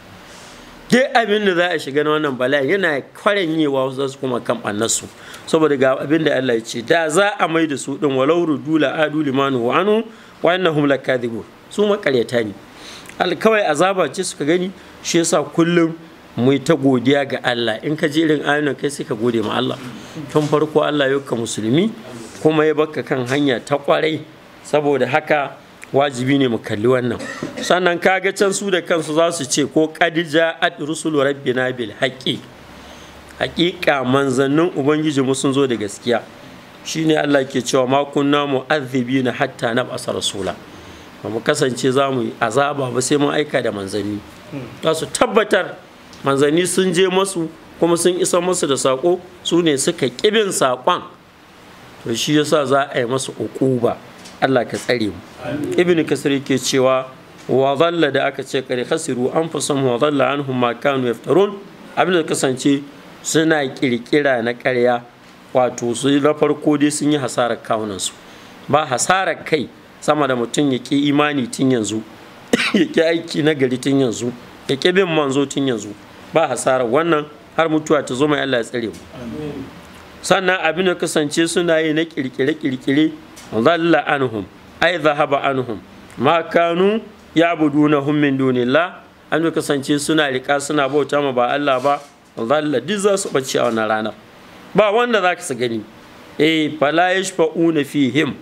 duk abin da za a shiga na wannan bala'i yana kwarin yi wa za su kuma kan ɓannarsu saboda ga abin da Allah ya ce da za a mai da su ɗin walau rudula la adu limanu wa anu wa annahum lakadibun su makaryata ne alkawai azaba ce suka gani shi yasa kullum mu ta godiya ga Allah in ka ji irin ayyukan kai sai ka gode ma Allah tun farko Allah ya musulmi kuma ya baka kan hanya ta kwarai saboda haka wajibi ne mu kalli wannan sannan kaga can su da kansu za su ce ko kadija at rabbi na bil haqqi haƙiƙa manzannin ubangiji mu sun zo da gaskiya shine Allah ke cewa ma kunna mu'adhibina hatta nab'asa rasula ba mu kasance za mu azaba ba sai mun aika da manzanni za su tabbatar manzanni sun je masu kuma sun isa masu da saƙo su ne suka ƙibin saƙon to shi yasa za a yi masu ba. Allah ka tsare mu ibn kasir yake cewa wa zalla da aka ce kare khasiru anfusahum wa zalla anhum ma kanu yaftarun abin da kasance suna kirkira na karya wato su na farko dai sun yi hasarar su ba hasarar kai sama da mutum ya ki imani tun yanzu ya ki aiki na gari tun yanzu ya ki bin manzo tun yanzu ba hasarar wannan har mutuwa ta zo mai Allah ya tsare mu sannan abin da kasance suna yi na kirkire-kirkire zalla anhum ai zahaba anhum ma kanu ya'budunahum min dunillah an kasance suna rika suna bauta ma ba Allah ba zalla duk za su bacci a wannan ranar ba wanda za su gani eh fala yashfa'una fihim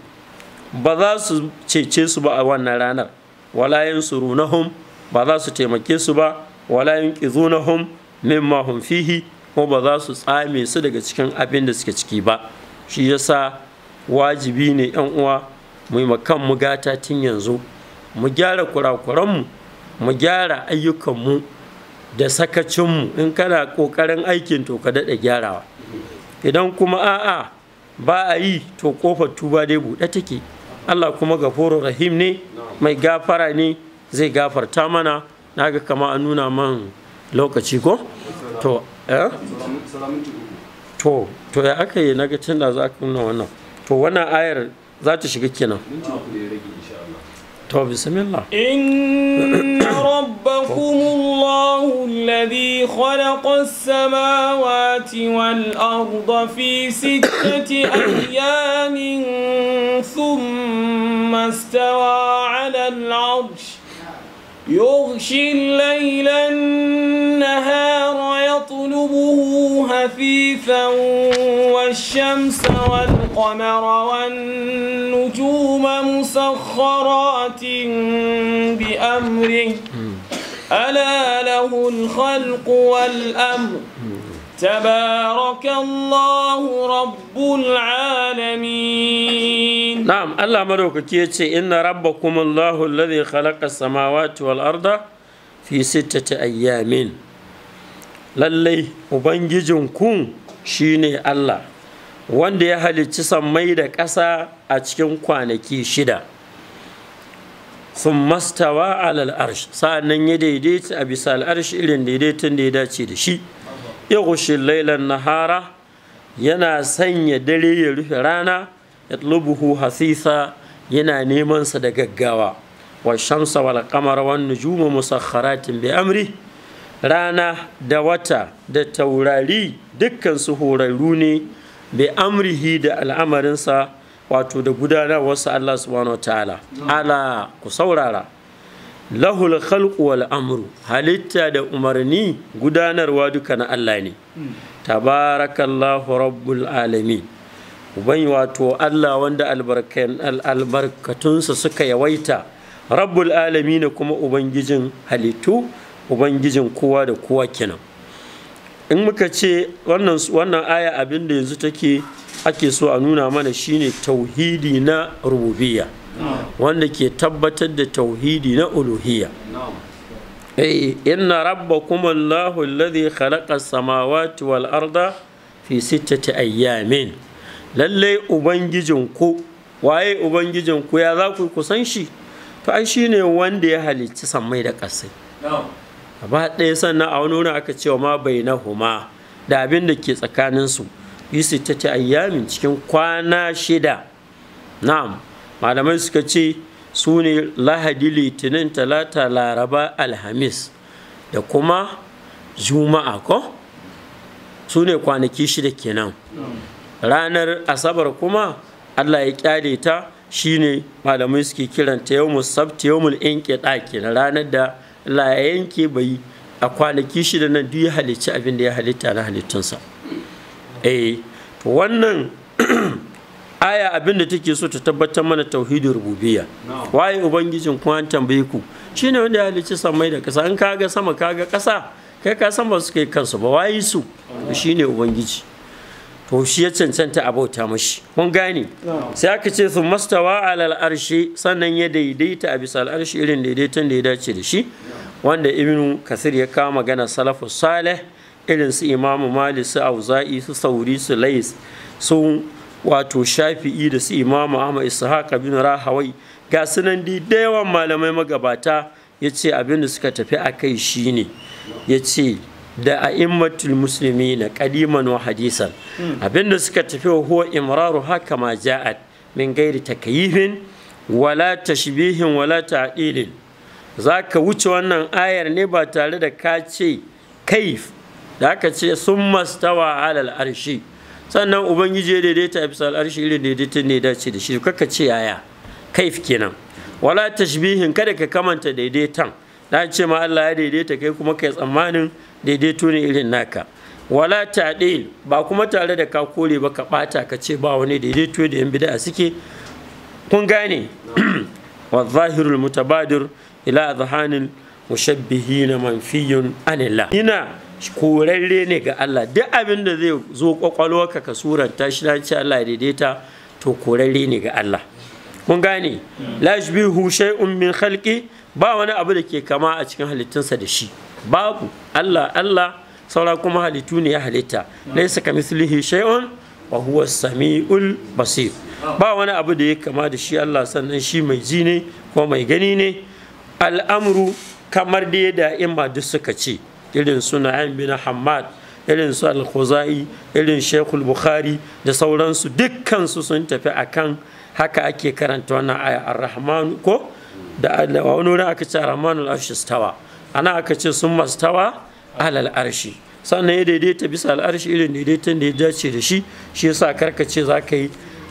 ba za su cece su ba a wannan ranar wala yansurunahum ba za su taimake su ba wala yunqizunahum mimma hum fihi ko ba za su tsame su daga cikin abin da suke ciki ba shi yasa wajibi ne yan uwa mu yi kan mu gata tun yanzu mu gyara kurakuranmu mu gyara ayyukanmu da sakacinmu in kana ƙoƙarin aikin to ka daɗa gyarawa idan kuma a'a ba a yi to ƙofar tuba dai buɗe take allah kuma gafuru rahim ne mai gafara ne zai gafarta mana na ga kama a nuna man lokaci ko to eh? to to ya aka yi na ga za ka nuna wannan to wannan ayar za ta shiga kenan to bismillah inna rabbakum allahu alladhi khalaqa as-samawati wal arda fi sittati ayamin thumma istawa 'ala al-'arsh يغشي الليل النهار يطلبه هفيفا والشمس والقمر والنجوم مسخرات بأمره ألا له الخلق والأمر تبارك الله رب العالمين نعم الله مروك يتي إن ربكم الله الذي خلق السماوات والأرض في ستة أيام للي وبنجيجنكم شيني الله wanda ya halicci sammai da ƙasa a cikin kwanaki shida sun mastawa alal arsh sa'annan ya daidaita a bisa al'arsh irin daidaitun da ya dace da shi yaghshi laylan nahara yana sanya dare ya rufe rana yatlubuhu hasisa yana neman sa da gaggawa wa shamsa wal qamara wan nujuma musakharatin bi amri rana da wata da taurari dukkan su horarru ne bi amrihi da al'amarinsa wato da gudanarwarsa Allah subhanahu wa ta'ala ala ku saurara lahul khalq wal amru halitta da umarni gudanarwa duka na Allah ne hmm. tabarakallahu rabbul alamin uban wato Allah wanda albarkatun su suka yawaita rabbul alamin kuma ubangijin halittu ubangijin kowa da kowa kenan in muka ce wannan wannan aya abinda yanzu take ake so a nuna mana shine tauhidi na rububiyya wanda ke tabbatar da tauhidi na uluhiyya eh inna rabbakum allahu alladhi khalaqa samawati wal arda fi sittati ayyamin lalle ubangijin ku waye ubangijin ku ya za ku kusan shi to ai shine wanda ya halicci sammai da ƙasai ba ɗaya sannan a wani aka ce ma bai na huma da abin da ke tsakaninsu yi sittati ayyamin cikin kwana shida na'am malamai suka ce su ne lahadi litinin talata laraba alhamis da kuma juma'a ko su ne kwanaki shida kenan ranar asabar kuma allah ya kyale ta Shi ne malamai suke kiranta yau musabta yau mul'inke ɗaki na ranar da allah ya yanke bai a kwanaki shida nan duk ya halicci abin da ya halitta na halittunsa eh wannan aya abin da take so ta tabbatar mana tauhidin rububiyya waye ubangijin kuma an tambaye ku shine wanda ya halicci samai da kasa in kaga sama kaga kasa kai ka san ba su kai kansu ba waye su shine ubangiji to shi ya cancanta a bauta mashi kun gane sai aka ce su mastawa alal arshi sannan ya daidaita a bisa al'arshi irin daidaiton da ya dace da shi wanda ibnu kasir ya kawo magana salafus salih irin su imamu malik su auza'i su sauri su lais su wato shafi'i da su imamu ahmad ishaq bin rahawai ga sunan di da yawan malamai magabata ya ce abin da suka tafi a kai shi ne. ya ce da a'immatul musulmi na kadiman wa hadisan hmm. abin da suka tafi wa huwa imraru haka ma ja'at min gairi takayifin wala tashbihin wala za zaka wuce wannan ayar ne ba tare da ka ce kaif da aka ce sun mastawa alal arshi sannan ubangiji ya daidaita a bisa al'arshi irin daidaito ne dace da shi kaka ce yaya kaif kenan wala tashbihin kada ka kamanta daidaiton na ce ma Allah ya daidaita kai kuma kai tsammanin daidaito ne irin naka wala ta'dil ba kuma tare da ka kore ba ka ɓata ka ce ba wani daidaito da yan bid'a suke kun gane wa zahirul mutabadir ila mushabbihi mushabbihin manfiyun anillah ina korarre ne ga Allah duk abin da zai zo kwakwalwarka ka suranta shi dan ce Allah daidaita to korarre ne ga Allah kun gane la yushbihu shay'un min khalqi ba wani abu da ke kama a cikin halittunsa da shi babu Allah Allah saura kuma halittu ne ya halitta laysa mislihi shay'un wa huwa samiul basir ba wani abu da ya kama da shi Allah sannan shi mai ji ne ko mai gani ne al'amru kamar da ya da'ima duk suka ce irin su na'im bin hammad irin su al irin shekul bukhari da sauransu dukkansu sun tafi akan haka ake karanta wannan aya ar-rahman ko da wani wurin aka ce ar-rahman al-arshi stawa ana aka ce sun mastawa alal arshi sannan ya daidaita bisa al'arshi irin daidaitan da ya dace da shi shi yasa karkace za ka yi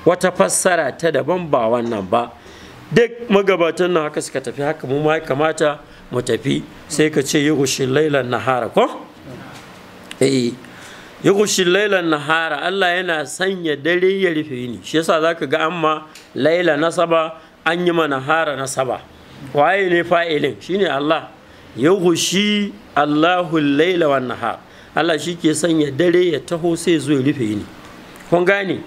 wata fassara ta daban ba wannan ba duk magabatan nan haka suka tafi haka mu ma ya kamata mu tafi sai ka ce yughshil lailan nahara ko eh yughshil lailan nahara Allah yana sanya dare ya rufe ni shi yasa zaka ga amma laila nasaba an yi ma nahara nasaba waye ne fa'ilin shine Allah yughshi Allahu laila wan nahar Allah shi ke sanya dare ya taho sai zo ya rufe yini kun gane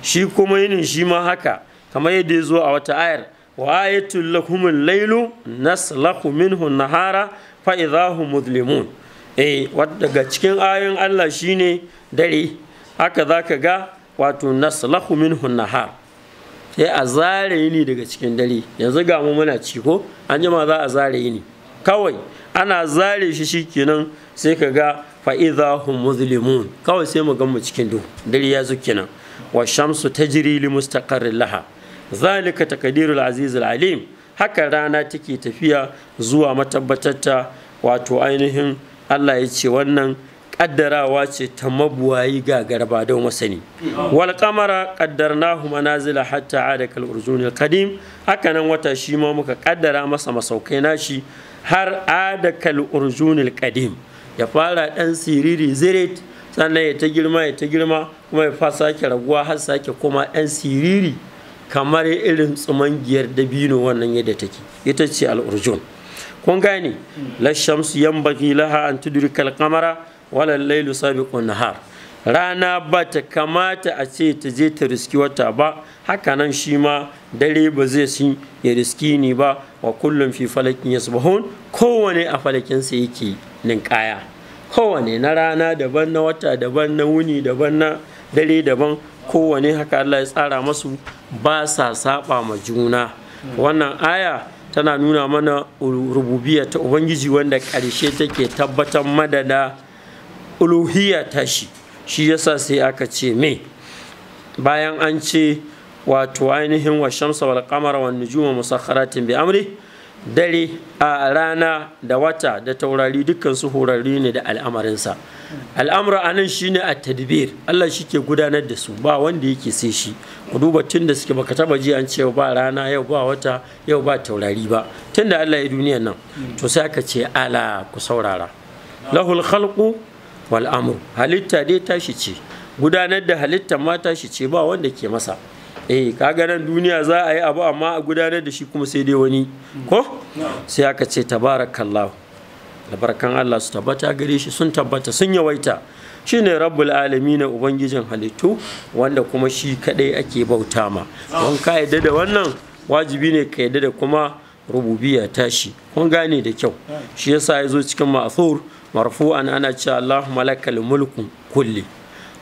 shi kuma yinin shi ma haka kamar yadda ya zo a wata ayar wa ayatul lakumul lailu naslakhu minhu nahara fa idhahu إيه eh daga cikin ayoyin Allah shine dare haka zaka ga wato naslakhu minhu nahar sai a zare yini daga cikin dare yanzu ga mu muna ci ko an jima za a zare yini kawai ana zare shi shi shikenan sai ka ga fa hum muzlimun kawai sai mu ga mu cikin dare ya zo kenan wa shamsu tajri li mustaqarrin laha zalika takadirul azizul alim haka rana take tafiya zuwa matabbatar ta wato ainihin Allah ya ce wannan kaddarawa ce ta mabuwayi ga garba da masani wal qamara qaddarnahu manazila hatta ada kal al qadim haka nan wata shi ma muka kaddara masa masaukai nashi har ada kal al qadim ya fara dan siriri ziret sannan ya ta girma ya ta girma kuma ya fa sake raguwa har sake koma dan siriri kamar irin giyar dabino wannan yadda take ita ce al'urjun kun gane la shamsu yanbaghi laha an tudrika al-qamara wala al-laylu rana ba ta kamata a ce ta je ta riski wata ba hakanan shi ma dare ba zai shi ya riski ni ba wa kullum fi falakin yasbahun kowane a falakinsa yake ninkaya kowane na rana daban na wata daban na wuni daban na dare daban kowane haka Allah ya tsara masu ba sa saba ma juna wannan aya tana nuna mana rububiyya ta ubangiji wanda ƙarshe take tabbatar madada uluhiyya ta shi shi yasa sai aka ce me bayan an ce wato ainihin wa shamsa wal qamara wan nujuma musakharatin bi amri dare a rana da wata da taurari dukkan su horarri ne da al'amarinsa al'amura a nan shine a tadbir Allah shi ke gudanar da su ba wanda yake sai shi ku duba tun da suke baka taba ji an ce ba rana yau ba wata yau ba taurari ba tun da Allah ya duniya nan to sai aka ce ala ku saurara lahul khalqu wal amru halitta dai tashi ce gudanar da halitta ma tashi ce ba wanda ke masa eh kaga nan duniya za a yi abu amma a gudanar da shi kuma sai dai wani ko sai aka ce tabarakallahu albarkan Allah su tabbata gare shi sun tabbata sun yawaita shine rabbul na ubangijin halittu wanda kuma shi kadai ake bauta ma don ka yadda da wannan wajibi ne ka yadda da kuma rububiya tashi kun gane da kyau shi yasa ya zo cikin ma'thur marfu'an ana cewa Allahumma lakal mulku kulli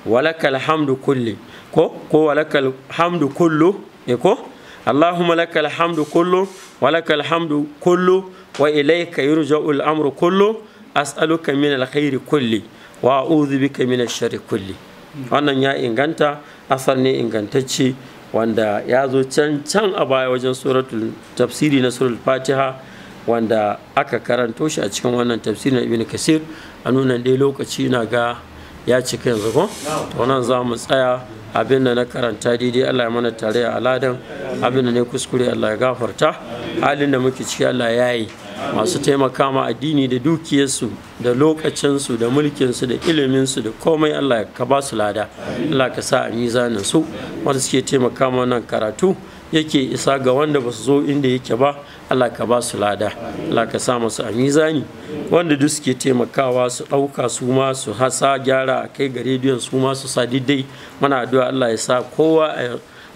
walakal hamdu kulli ko ko walakal hamdu kullu e ko allahumma lakal hamdu kullu walakal hamdu kullu wa ilayka yurja'u al-amru kullu as'aluka min al kulli wa a'udhu bika min ash-sharri kulli wannan ya inganta asar ne ingantacce wanda ya zo can can a baya wajen suratul tafsiri na suratul fatiha wanda aka karanto shi a cikin wannan tafsirin ibn kasir a nuna dai lokaci na ga ya cika yanzu ko to nan za mu tsaya abin da na karanta daidai Allah ya mana tare a aladan abin da ne kuskure Allah ya gafarta halin da muke ciki Allah ya yi masu taimaka ma addini da dukiyarsu da lokacinsu da mulkinsu da iliminsu da komai Allah ka ba su lada Allah ka sa a mizanin su wanda suke taimaka ma nan karatu yake isa ga wanda ba su zo inda yake ba Allah ka ba su lada Allah ka sa musu a mizani wanda duk suke taimakawa su ɗauka su ma su hasa gyara a kai ga rediyon su ma su sa diddai mana addu'a Allah ya sa kowa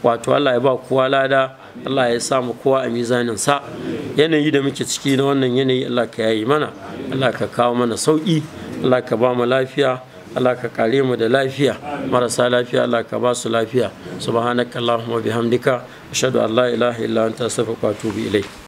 wato Allah ya ba kowa lada Allah ya sa mu kowa a mizanin sa yanayi da muke ciki na wannan yanayi Allah ka yayi mana Allah ka kawo mana sauki Allah ka ba mu lafiya Allah ka kare mu da lafiya marasa lafiya Allah ka ba su lafiya subhanakallahumma bihamdika ashhadu an la ilaha illa anta astaghfiruka wa atubu ilayk